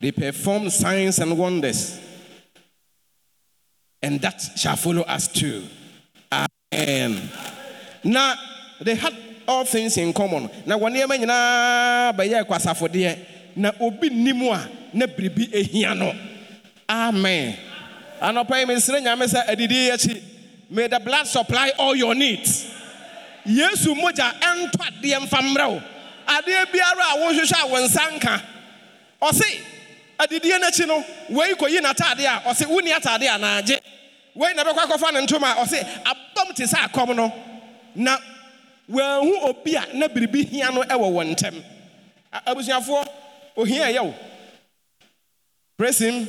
they perform signs and wonders and that shall follow us too. Amen. Now, they had all things in common. Now, one year, man, bayɛ kwasafo deɛ na obi nim a na biribi ehia Amen. Anɔpa yi, mesere nyame sɛ adidi akyi. May the blood supply all your needs. Yesu moja ɛntɔ adeɛ mfa mmerɛ wo. Adeɛ biara wensanka. wohwehwɛ a wo nsa nka. Ɔse, adidie n'akyi no, wei kɔyi n'atadeɛ a ɔse, wo ni atadeɛ a n'agye. wei na bɛkɔ akɔfa ne ntoma a ɔse abam te sɛ akɔm no na wɔahu obi a na biribi hia no wɔ wɔn ntam abusuafoɔ ohia ɛyɛ wo presim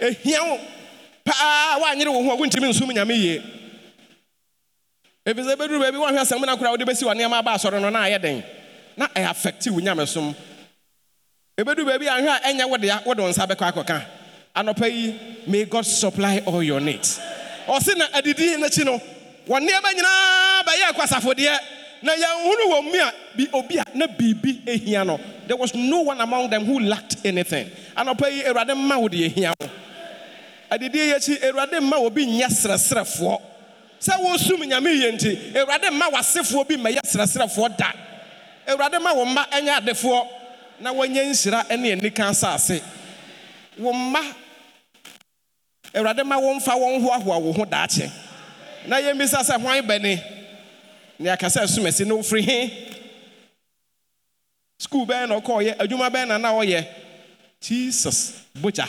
ehia wo paa woanyere wo ho a wontumi nsom nyame yie ɛfiri sɛ bɛduru baabi woahwɛ asɛm no koraa wode bɛsi wɔ nneɛma aba asɔre no na ayɛ den na ɛyɛ afɛkti wo nyamesom ɛbɛduru baabi ahwɛ a ɛnyɛ wode wode wo nsa bɛkɔ akɔka anɔpɛ yi may god supply all your net ɔse na adidi nokyi no ɔnneɔma nyinaa bɛyɛɛ ɛkɔ asafodeɛ na yɛhunu wɔme a obi a na biribi hia no tere wa nooe among em who lacked anything anɔpɛ yi awurade mma wode hia o adidie yɛkyi awurade mma wɔbi nyɛ serɛserɛfoɔ sɛ wɔsum nyameyenti awurade mma wasefoɔ bi mmɛyɛ srɛserɛfoɔ da awurade ma wo mma nyɛ adefoɔ na wanya nhyira neani ka saase wo mma awurade ma wɔmfa wɔn hoahoa wo ho daakye na yɛmmisa sɛ hwan bɛne nea ka sɛ asum asi ne wofiri he skuul bɛn na ɔkɔɔyɛ adwuma bɛn na na ɔyɛ jesus bogya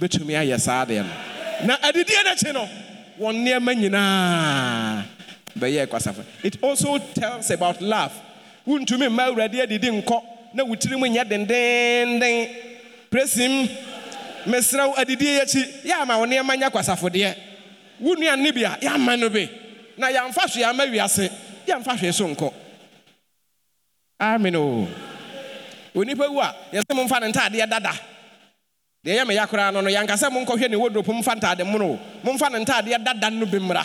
bɛtumi ayɛ saa deɛ no na adidi no akyi no wɔn nneɛma nyinaa bɛyɛ kwasafo it also tells about love wontumi mma awurade adidi nkɔ na wotiri mu nyɛ dendenden praise him mesrɛ wo adidie akyi yɛ ama wo nneɛma nyɛ kwasafodeɛ wo nnuane no bi a yɛama no be. na yɛamfa hwee ama wiase yɛamfa hwee so nkɔ amen o onipa wu a yɛsɛ momfa ne ntaadeɛ dada deɛ ɛyɛ meyɛ koraa no no yɛnka sɛ monkɔhwɛ ne wodropo momfa ntaade mono momfa ne ntaadeɛ dada no bi mmra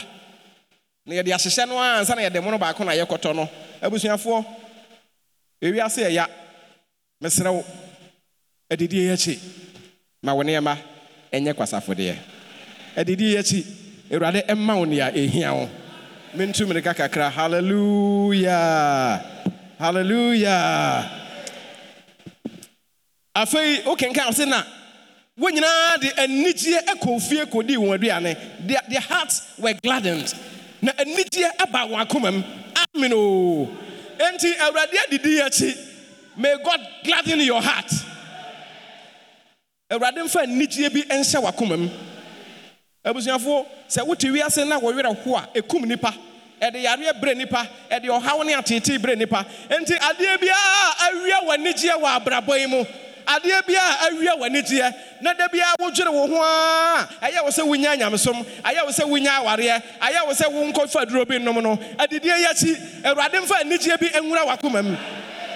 na yɛde ahyehyɛ no a ansa na yɛde mono baako na yɛkɔtɔ no abusuafoɔ ewiase ɛya mesrɛ wo adidie akyi ma wo nneɛma ɛnyɛ kwasafodeɛ ɛdidi akyi awurade ɛma wo nea ɛhia wo mentu mmirika kakra Hallelujah. halleluya afei wokenkan se na wɔn nyinaa de anigyeɛ kɔ fie kɔdii wɔn aduane their hearts were gladdened na anigyeɛ aba wɔn akoma mu amen o enti awurade adidi akyi may god gladden your heart awurade mfa anigyeɛ bi nhyɛ wakoma mu abusuafoɔ sɛ wote wiase na wɔwerɛ ho a ɛkum nipa ɛde yareɛ berɛ nipa ɛde ɔhaw ne atetee berɛ nipa enti adeɛ biara awia w'anigyeɛ wɔ abrabɔ yi mu adeɛ biara awia w'anigyeɛ na da biara wodwere wo ho a ɛyɛ wo sɛ wonya nyamesom ɛyɛ wo sɛ wonya awareɛ ɛyɛ wo sɛ wonkɔfa duro bi nnom no adidie yɛ akyi awurade mfa anigyeɛ bi nwura w'akoma mu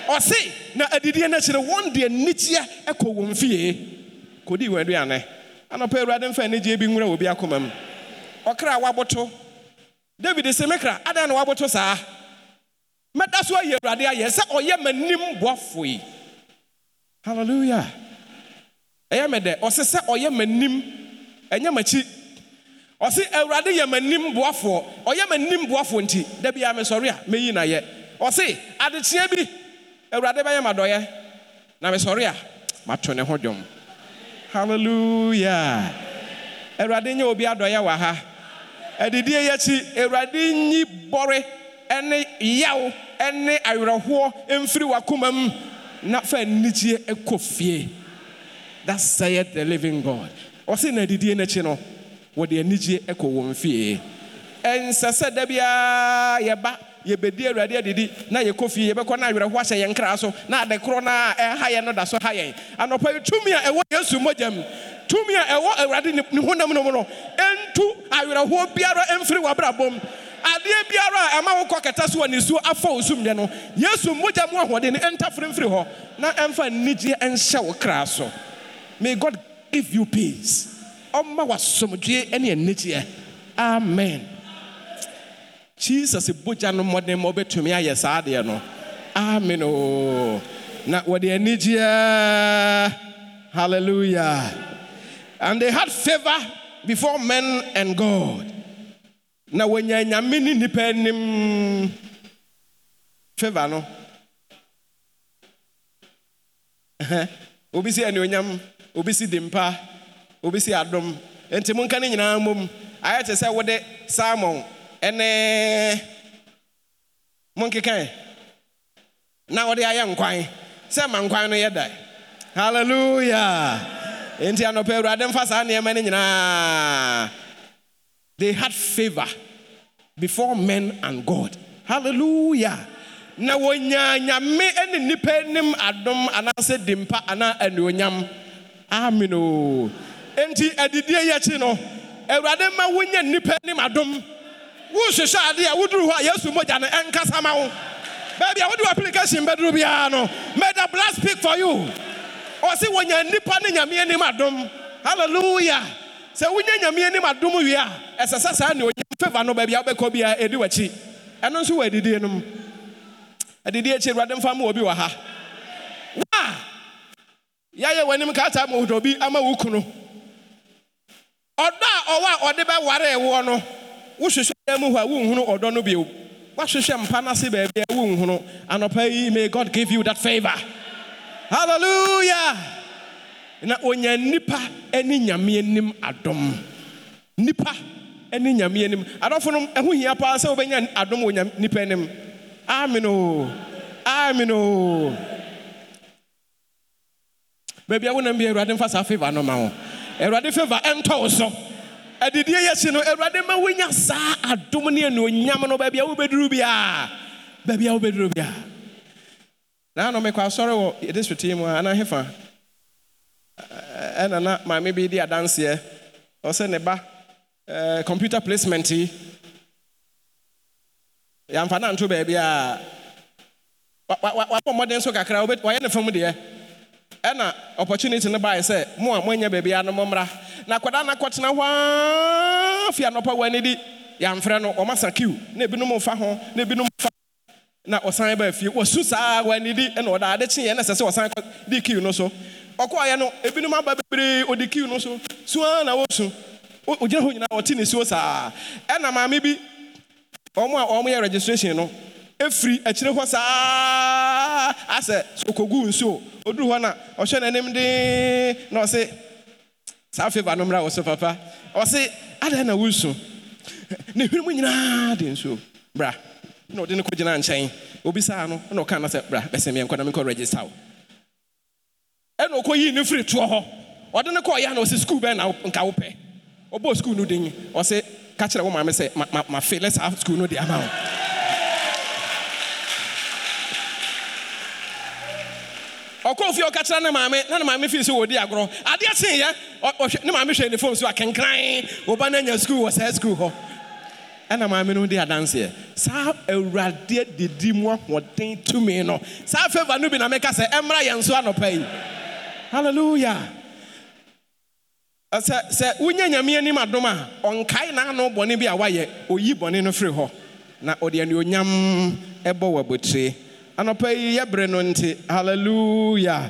ɔse na adidie no akyire wɔn deɛ anigyeɛ ɛkɔ wɔn fie kɔdii wɔn aduane anɔpa awurade mfa anigyeɛ bi nwura wɔ bi akoma mu ɔkra waboto david sɛ mekra adan na waboto saa mɛda so ayɛ awurade ayɛ sɛ ɔyɛ m'anim boafoe hallelujah ɛyɛ me dɛ ɔse sɛ ɔyɛ m'anim ɛnyɛ m'akyi ɔse awurade yɛ m'anim boafoɔ ɔyɛ m'anim boafoɔ nti da bia mesɔre a mɛyi na yɛ ɔse adekyeɛ bi awurade bɛyɛ m'adɔyɛ na mesɔre a mato ne ho dwom hallelujah awurade nyɛ obi adɔyɛ wɔ ha adidie yɛ akyi awurade nyi bɔre ne yaw ne awerɛhoɔ mfiri wakoma mu na fa anigyeɛ kɔ fie that said the living god ɔse na adidie no no wɔde anigyeɛ kɔ wɔn fie ɛnsɛ sɛ da biara yɛbɛdi awurade adidi na yɛkɔ fie yɛbɛkɔ no awerɛhoɔ ahyɛ yɛn nkra so na ade korɔ no a ɛha yɛn no da so ha yɛn anɔpa yi tumi a ɛwɔ yesu mmɔgya mu tumi a ɛwɔ awurade ne honam no mu no ɛntu awerɛhoɔ biara mfiri w'abrabɔm adeɛ biara a ɛma wokɔ kɛtɛ so wɔ ne suo afa wo sumdeɛ no yesu mmogya mu ahoɔden no ɛntafere mfiri hɔ na ɛmfa nnigyeɛ ɛnhyɛ wo kra so may god give you peace ɔmma w'asomdwee ne anigyeɛ amen jesus bogya no mmɔden ma wobɛtumi ayɛ saa adeɛ no amen o na wɔde anigyeɛ hallelujah and they had favor before men and god na wɔnya nyame ne nnipa anim favor no obi si anuonyam obi si dimpa obi si adom nti monka ne nyinaa mmom ayɛ te sɛ wode salmon ɛne monkekan na wɔde ayɛ nkwan sɛ ma nkwan no yɛ da hallelujah enti anɔpɛ awurade mfa saa nneɛma no nyinaa they had favor before men and god hallelujah na wɔnya nyame ne nnipa anim adom anaasɛ dimpa anaa anuonyam amen o oh. enti adidie yɛkyi no awurade ma wonya nnipa anim adom wohwehwɛ adeɛ a woduru hɔ a yesu mogya no ɛnkasa ma wo baabi a wode application bɛduru biara no may the blood speak for you ɔse wɔnya nnipa ne nyame anim adom halleluya sɛ wonya nyame anim adom wie a ɛsɛ sɛ saa ne onyam favor no baabi a wobɛkɔ biara ɛdi w'akyi ɛno nso wɔ adidie no mu adidie akyi awurade mfa ma wɔ bi wɔ ha wa yɛayɛ w'anim kaataa ma wodɔ bi ama wo kunu ɔdɔ a ɔwɔ a ɔde bɛware ɛwoɔ no wohwehwɛ dan mu hɔ a wonhunu ɔdɔ no bio woahwehwɛ mpa no ase baabi a wonhunu anɔpa yi may god give you that favor hallelujah na onya nipa ne nyame anim adom nipa ne nyame anim adɔfo no ɛho hia paa sɛ wobɛnya adom wɔ nipa anim amen o amen o baabi a wonam bi awurade mfa saa favor no ma wo awurade favor ɛntɔ wo so adedeɛ yɛ hye no awurade mawonya saa adom ne anuɔnyam no baabia wobɛduru bia baabia wobɛduru bi a nanomɛkɔ asɔre wɔ ɛdestriti mu a anahe fa ɛnana maame bi de adanseɛ ɔ sɛne ba computer placement yi yɛamfa nanto baabia wabɔ mmɔden so kakra ɛwayɛ ne fam deɛ ɛna opportunity no baeɛ sɛ mo a moanya baabia no mommra na akwadaa no akɔtena hɔ aa fia nɔpa wɔ ani di yɛamfrɛ no ɔmasa kiw na ebinom fa ho na ebinom fa na ɔsan baa fie wɔsu saa w'ani di ɛna ɔda ade kyeeɛ na ɛsɛ sɛ ɔsan di kiw no so ɔkɔɔyɛ no ebinom aba bebree ɔdi kiw no so sua na wɔsu ɔgyina hɔ nyinaa ɔte ne suo saa ɛna maame bi wɔn a wɔyɛ registration no Efiri akyire hɔ saa asɛ okogu nsuo ɔduru hɔ na ɔhwɛ n'anim dee na ɔsi saa feva no mmra wɔ so papa ɔsi ada na wosu na hwene mu nyinaa di nsuo bra na ɔde no kɔgyina nkyɛn obi obisaa no na ɔka na sɛ bra bɛsɛmeɛ nkɔ na menkɔ regista o. ɛna ɔkɔyii ne firi toɔ hɔ ɔde no kɔɔyɛ na ɔsi skuul bɛn na nka pɛ ɔbɔ skuul no din ɔse ka kyerɛ wo maame sɛ mafe lɛ saa skuul no de ama wo ɔkɔɔ fie ɔka kyerɛ ne maame na ne maame fii so wɔdi agorɔ adeɛ seeyɛ ɔhwɛ ne maame hwɛ ne fom so akenkran wɔba no anya sukuu wɔ saa sukuu hɔ ɛna maame no di adanseɛ saa awurade didi mu ahoɔden tumi no saa feva no bi na meka sɛ ɛmmra yɛn so anɔpa yi Hallelujah. sɛ sɛ wonya nyame anim adom a ɔnkae n'ano bɔne bi a wayɛ oyi bɔne no firi hɔ na ɔde anuonyam ɛbɔ wɔ abotire anɔpa yi yɛbere no nti hallelujah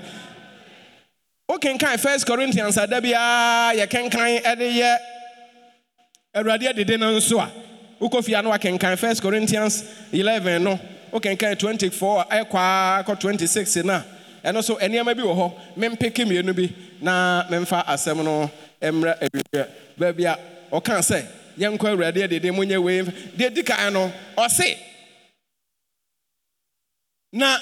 wokenkan first corinthians ada biara yɛkenkan ɛde yɛ awurade adede no nso a wokɔ fie ano wakenkan first corinthians 11 no wokenkan 24 ɛkɔa kɔ 26 no a ɛno so nneɛma bi wɔ hɔ mempeke mmienu bi na memfa asɛm no mmra awiɛ baabi a ɔkaa sɛ yɛnkɔ awurade adede monyɛ wei deɛ di kan no ɔse na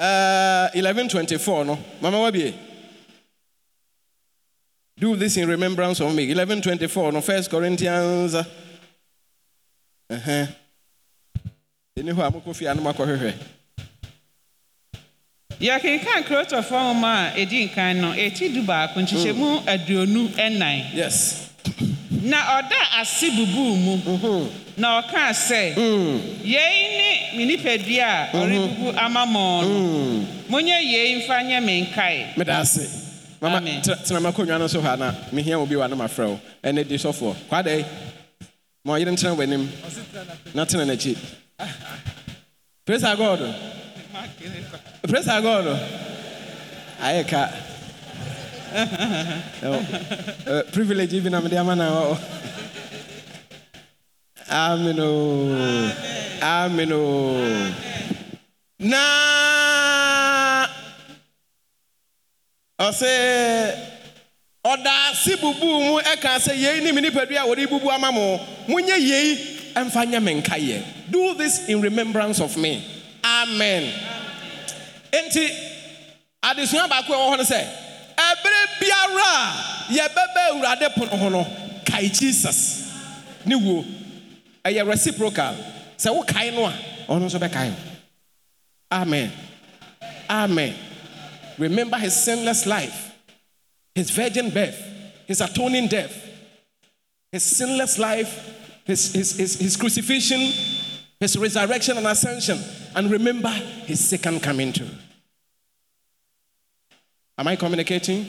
uh, eh, 1124 no mama wabie do this in remembrance of me 1124 no first corinthians uh -huh. ɛni hɔ a mokɔ fie anom akɔhwehwɛ yɛkenkan kurotofoɔ nwoma a ɛdi nkan no ɛti du baako nkyekyɛmu hmm. aduonu ɛnan yes na ɔda ase bubuu mu mm-hmm. na ɔkaa sɛ mm. yei ne me a mm-hmm. ama mɔ no mm. monyɛ yei mfa nyɛ me nkae meda ase mama tena makɔnnwa no na mehia bi wa na mafrɛ wo ɛne di ma ɔyere ntena w'anim na tena praise our god praise our god Eh, eh, privilegeybi namdeama oh. nain oh. na ɔsɛ ɔdaase bubuu mu e ka sɛ yei ne me nipadua a wɔde bubu ama mo monyɛ yei ɛmfa nyɛ menka yɛ do this in remembrance of me amen enti adesua bakoa wɔ hɔ ne sɛ ɛbere biara a yɛbɛbɛ awurade pono ho no kae jesus ne wuo ɛyɛ reciprocal sɛ wokae no a ɔno nso bɛkae amen amen remember his sinless life his virgin birth his atoning death his sinless life his, his, his, his crucifixion his resurrection and ascension and remember his second coming too Am I communicating?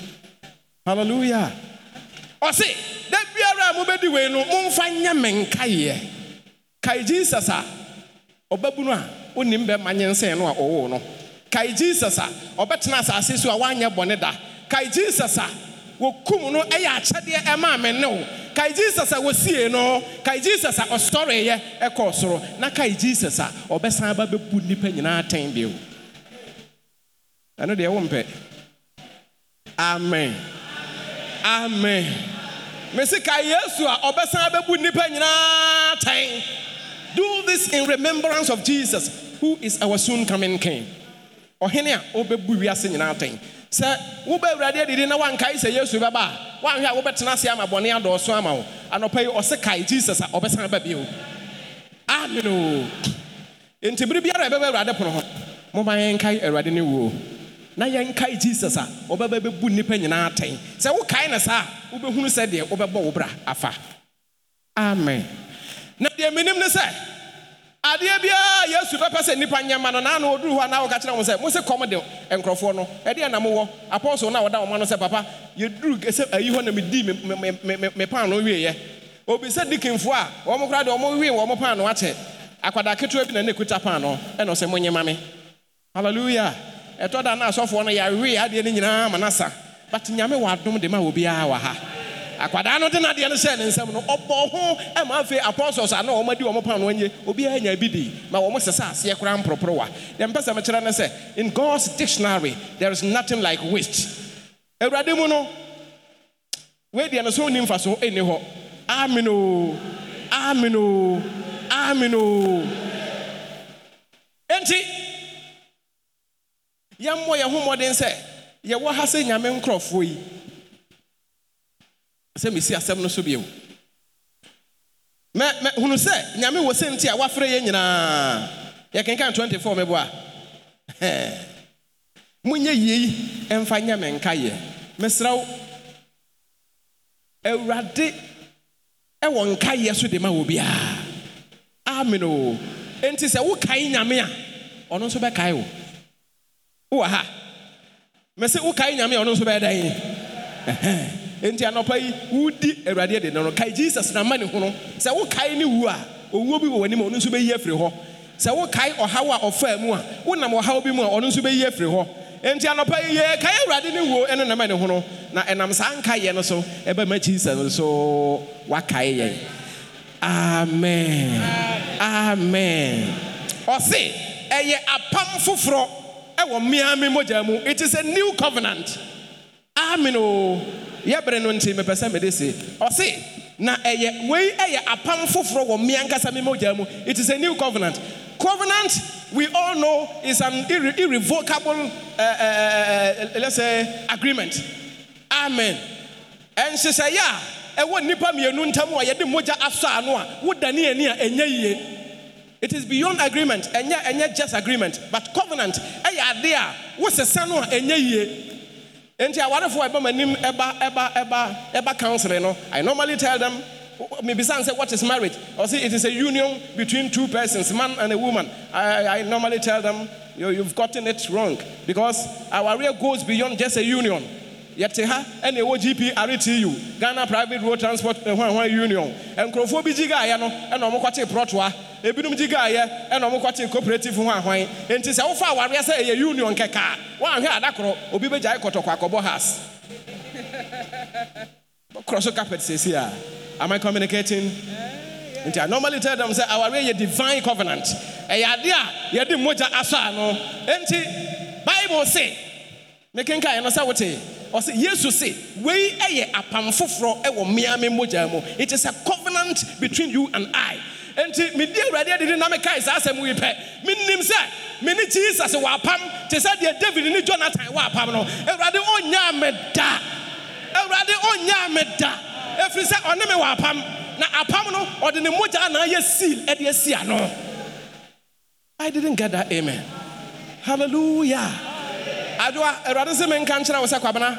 Hallelujah. Ɔse, da biara a mobɛdi wei no, momfa nyɛ me nkaeɛ. Kae Jesus a ɔbabunu a onim bɛma nyɛnsɛn no a ɔwoo no. Kae Jesus a ɔbɛtena asase so a wanyɛ bọni da. Kae Jesus a wɔkum no ɛyɛ akyɛdeɛ ɛmaa me ne wo. Kae Jesus a wɔsie no, kae Jesus a ɔsɔreeɛ ɛkɔɔ soro, na kae Jesus a ɔbɛsan aba bɛbu nnipa nyinaa atɛn bio. Ɛno deɛ wompɛ. amen amen mesika yesu a ɔbɛsan abɛbu nnipa nyinaa tɛn do this in remembrance of jesus who is our soon coming king ɔhene a ɔbɛbu wiase nyinaa tɛn sɛ wobɛ awurade adidi na wankae sɛ yesu bɛba a wanhwɛ a wobɛtena ase ama bɔne adɔɔso ama wo anɔpa yi ɔse kae jesus a ɔbɛsan ba bio amen o enti bere biara ɛbɛba awurade pono ho momma yɛnkae awurade ne wuo na yɛn kae jesus a ɔbɛba bɛbu nnipa nyinaa atɛn sɛ wokae no saa wobɛhunu sɛ deɛ wobɛbɔ wo bra afa amen na deɛ menim ne sɛ adeɛ biaa yesu bɛpɛ sɛ nnipa nyɛma no naa na ɔduru hɔ a na wɔka kyerɛ wo sɛ mo sɛ kɔm de nkurɔfoɔ no ɛdeɛ na mowɔ apɔsol no a wɔda wɔma no sɛ papa yɛduru sɛ ayi hɔ na medi me pan no wieɛ obi sɛ dikinfoɔ a wɔn kora deɛ wɔn wee wɔn paa no akyɛ akwadaa ketewa bi na ne kuta paa no ɛnɔ sɛ mo me hallelujah ɛtɔ da na asɔfoɔ no yɛawe adeɛ no nyinaa ma nasa but nyame wɔ adom de ma obiara wɔ ha akwadaa no de n'adeɛ no hyɛ ne nsam no ɔbɔ ho ɛma afei apostles ano a adi wɔn pan wɔn nye obiara nya bi di ma wɔn sesa aseɛ koraa mporoporowa deɛ mpɛsɛ mekyerɛ ne sɛ in god's dictionary there is nothing like waste awurade mu no wei no so ni nfa so ɛni hɔ amen o amen o amen o enti yɛmmɔ yɛn ho mmɔden sɛ yɛwɔ ha sɛ nyame nkurɔfoɔ yi sɛ mesi asɛm no so bio mɛ mɛ hunu sɛ nyame wɔ sɛ nti a wafrɛ yɛn nyinaa yɛkenkan 24 mɛbo monyɛ yie ɛmfa nyɛ me nka yɛ mesrɛ wo awurade ɛwɔ nkayɛ so de ma wɔ biara amen o enti sɛ wokae nyame a ɔno nso bɛkae wo wowɔ ha mɛsɛ wokae nyame a ɔno nso bɛyɛ dan enti anɔpa yi wodi awurade de no no kae jesus na ma ne ho no sɛ wokae ne wu a owuo bi wɔ w'anim a ɔno nso bɛyi afiri hɔ sɛ wokae ɔhaw a ɔfaa mu a wonam ɔhaw bi mu a ɔno nso bɛyi afiri hɔ enti anɔpa yi yɛ kae awurade ne wuo ɛno na ma ne ho no na ɛnam saa nkaeɛ no so ɛbɛma jesus so wakae yɛn amen amen ɔse ɛyɛ apam foforɔ it is a new covenant. Amen. Yɛbere no nti mepɛ sɛ mede se ɔse na ɛyɛ wei ɛyɛ apam foforɔ wɔ mmea nkasa me mogya mu it is a new covenant covenant we all know is an irre- irrevocable uh, uh, let's say agreement amen ɛnhyehyɛeɛ a ɛwɔ nnipa mmienu ntam a yɛde mogya asɔ ano a wodane ani a ɛnyɛ yie it is beyond agreement, and yet, and yet just agreement. But covenant, a idea, what's a son or a and I wonder for my name, Eba, Eba, Eba, Eba counselor. I normally tell them, maybe some say, What is marriage? Or oh, say, It is a union between two persons, man and a woman. I, I normally tell them, you, You've gotten it wrong because our real goes beyond just a union. yɛte ha ɛna ɛwɔ rtu ghana private road transport ɛhoahoa eh, union nkurɔfoɔ bi gyi gaeɛ no ɛna eh, ɔmokɔte porɔtoa ebinom gyi gaeɛ ɛna eh, ɔmokɔte cooperative ho ahoan sɛ wofa awareɛ sɛ ɛyɛ union kɛkaa woanhwɛ adakorɔ obi bɛgyae kɔtɔkɔ akɔbɔ has cross carpet says here. Ah, am I communicating? Yeah, a normally tell them say our way divine covenant. Bible ɔsɛ yesu se wei ɛyɛ apam foforɔ ɛwɔ mmea mogya mu it is a covenant between you and i nti medi awurade adidi na mekae saa asɛm yi pɛ menim sɛ me ne jesus wɔ apam te sɛ deɛ david ne jonathan wɔ apam no awurade ɔnyaa me da awurade ɔnyaa me da ɛfiri sɛ ɔne me wɔ apam na apam no ɔde ne mogya anaa seal ɛde asi ano i didn't get that amen hallelujah adowa awurade sɛ menka nkyerɛ wo sɛ kwabena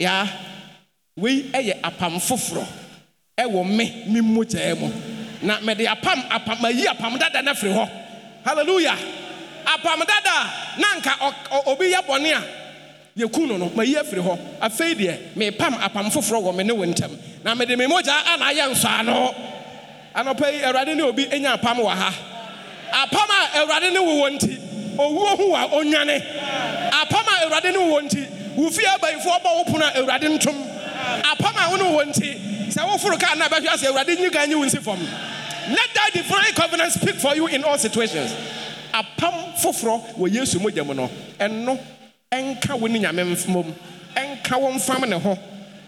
yaa wei ɛyɛ apam foforɔ ɛwɔ me me mmogyaeɛ mu na mede apam apam mayi apam dada na afiri hɔ halleluya apam dada na anka obi yɛ bɔne a yɛku no no mayi afiri hɔ afei deɛ mepam apam foforɔ wɔ me ne wo ntam na mede me mogya a na ayɛ nsɔa no anɔpa yi awurade ne obi anya apam wɔ ha apam a awurade ne wo wɔ nti owuo ho a onyane apam a awurade ne wɔ nti wofi abayifoɔ bɔ wo pono a awurade ntom apam a wone wɔ nti sɛ woforo kaa na bɛhwɛ sɛ awurade nyi ka nyi wo nsi fam let that divine covenant speak for you in all situations apam foforɔ wɔ yesu mogya mu no ɛno ɛnka wo ne nyame mmom ɛnka wo mfam ne ho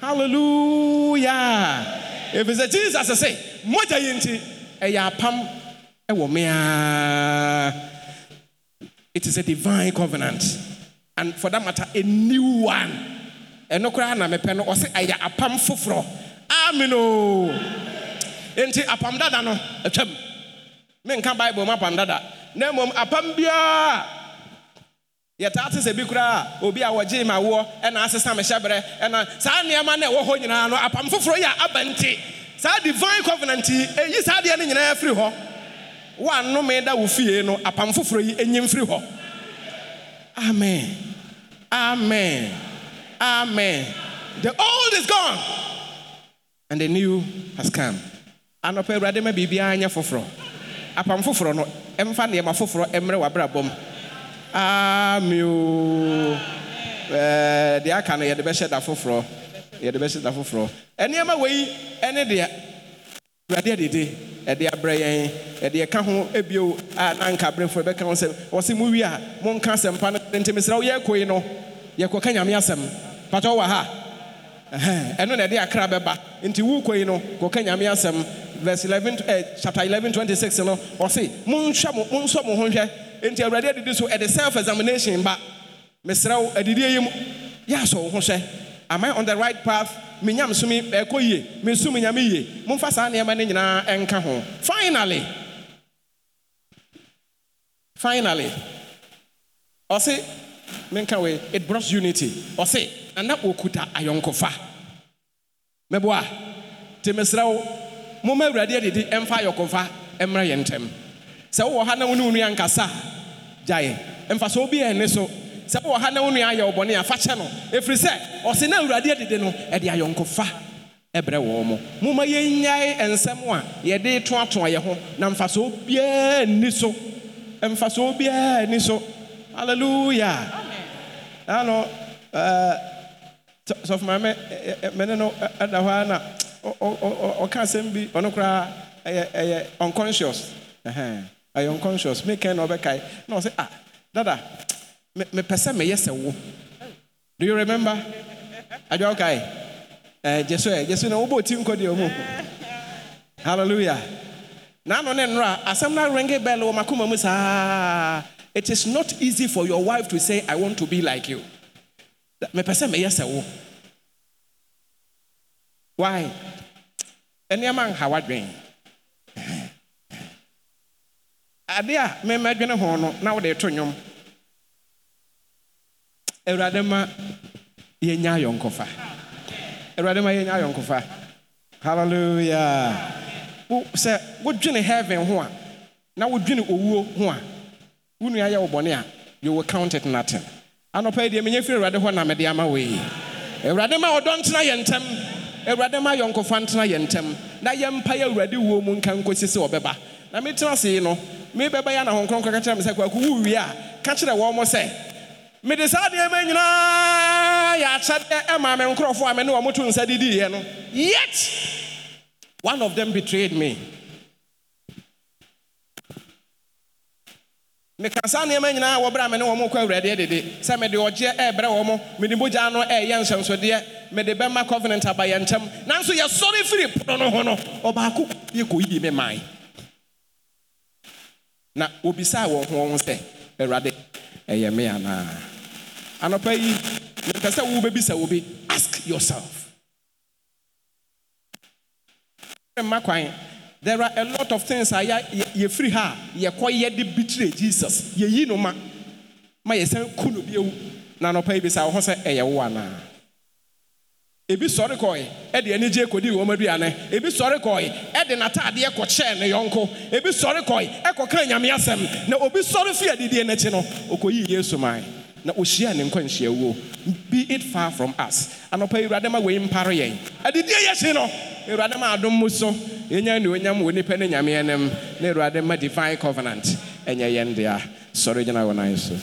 hallelujah ɛfiri sɛ jesus sɛ mogya yi nti ɛyɛ apam ɛwɔ me aa It is a divine covenant. And for that matter, a new one. ɛno koraa na mepɛ no ɔse ɛyɛ apam foforɔ amen o enti apam dada no atwam menka bible mu apam dada na mmom apam biara yɛtaa te sɛ bi koraa a obi a wɔgyee ma woɔ ɛna asesa mehyɛ berɛ ɛna saa nneɛma no ɛwɔ hɔ nyinaa no apam foforɔ yɛ aba nti saa divine covenant yi ɛyi saa deɛ ne nyinaa firi hɔ woanome da wo fie no apam foforɔ yi ɛnyɛ mfiri hɔ amen amen amen the old is gone and the new has come anɔpɛ awurade ma biribiara nyɛ foforɔ apam foforɔ no ɛmfa nneɛma foforɔ ɛmmerɛ w'abrabɔm amio ɛɛ deɛ aka no yɛde bɛhyɛ da foforɔ yɛde bɛhyɛ da foforɔ nneɛma wei ɛne deɛ awurade de de ɛde abrɛ yɛn ɛde ɛka ho ebio a nanka abrɛfoɔ ɛbɛka ho sɛm wɔsi mu wi a monka asɛmpa no nti mesrɛ woyɛ kɔ yi no yɛkɔka nyame asɛm patɔ wɔ ha ɛno na ɛde akra bɛba nti wukɔ yi no kɔka nyame asɛm verse 11 eh, chapter 11 26 no ɔse monhwɛ mo monsɔ mo ho hwɛ nti awurade adidi so ɛde self examination ba mesrɛ wo adidie yi mu yɛ asɔ wo ho hwɛ am i on the right path menyam somi bɛakɔ ye meso minyame ye momfa saa nneɛma ne nyinaa ɛnka ho inale finally ɔse menka wei it broas unity ɔse ana wɔkuta ayɔnkofa mɛbo a te mesrɛ wo moma awurade adidi ɛmfa ayɔnkofa mmrɛ yɛ ntɛm sɛ wowɔ ha na wo ne wonuankasa gyaɛ mfa sɛ obiɛ ne so sɛ wɔ ha na wo nua ayɛ wɔbɔne a fakyɛ no ɛfiri sɛ ɔse na awurade adede no ɛde ayɔnkofa ɛbrɛ wɔn mo moma yɛnyae nsɛm a yɛde toatoa yɛ ho na mfasoɔ biara nni so mfasoɔ biara nni so hallelujah ano eh, sɔfoma eh, eh, me me ne no ɛda hɔ a na ɔka asɛm bi ɔno koraa ɛyɛ ɛyɛ unconscious ɛyɛ unconscious mi kɛn na ɔbɛkae na ɔsɛ ah dada me sɛ me sɛ eh, wo do you remember adwa wokae gyeso ɛ gyeso na wobɔ ti nkɔ hallelujah na no ne nnora asɛm no ringe bɛl wɔ makoma mu it is not easy for your wife to say i want to be like you Me sɛ me sɛ eh, wo why nneɛma nha wadwen ade a me ho no na wode to nnwom awurade ma yɛnya ayɔnkofa awurade ma yɛnya ayɔnkofa halleluya sɛ wodwene heaven ho a na wodwene owuo ho a wo nua yɛ wo bɔne a you will count it nothing anɔpa yi deɛ menyɛ firi awurade hɔ na mede ama wei awurade ma ɔdɔ ntena yɛ ntɛm awurade ma yɔnkofa ntena yɛ ntɛm na yɛmpa yɛ awurade wuo mu nka nkɔsi sɛ ɔbɛba na metena sei no mebɛbɛyɛ na honkronkro ka kyerɛ me sɛ kwaku wowie a ka kyerɛ wɔ mo sɛ me de mede saa nneɛma nyinaa yɛ akyɛdeɛ ɛma me nkurɔfoɔ a me ne wɔn to nsa didiiɛ no yet one of them betrayed me me meka saa nneɛma nyinaa wɔbrɛ a me ne wɔn kɔ awuradeɛ dede sɛ mede ɔgyeɛ ɛrebrɛ wɔn mede mogya no de ɛreyɛ nsɛnsodeɛ mede bɛma covenant aba yɛn ntam nanso yɛsɔre firi pono no ho no ɔbaako yɛ kɔyii me mai na obisaa wɔn ho wɔn rade awurade ɛyɛ me anaa anɔpa yi mepɛ sɛ wobɛbisa wo bi ask yourself mma kwan there are a lot of things a yɛfiri ha a yɛkɔ yɛde bitire jesus yɛyi no ma ma yɛsan ku no biewu na anɔpa yi bisa wo ho sɛ ɛyɛ wo anaa ebi sɔre kɔɛ ɛde anigye kɔdi wɔn aduane ebi sɔre kɔɛ ɛde n'ataadeɛ kɔkyɛɛ ne yɔnko ebi sɔre kɔɛ ɛkɔka nyame asɛm na obi sɔre fi adidie n'akyi no okɔyi yesu maa yi. na ohyiaa ne nkɔ nhyia wo be it far from us anɔpa awurade ma wɔi mparo yɛn adedeɛ yɛ hyi no awurade ma adom mu so ɛnya neɛonyam wɔ nnipa ne nyameɛnem na awurade ma divine governant ɛnyɛ yɛn dea sɔregyina wɔ noan so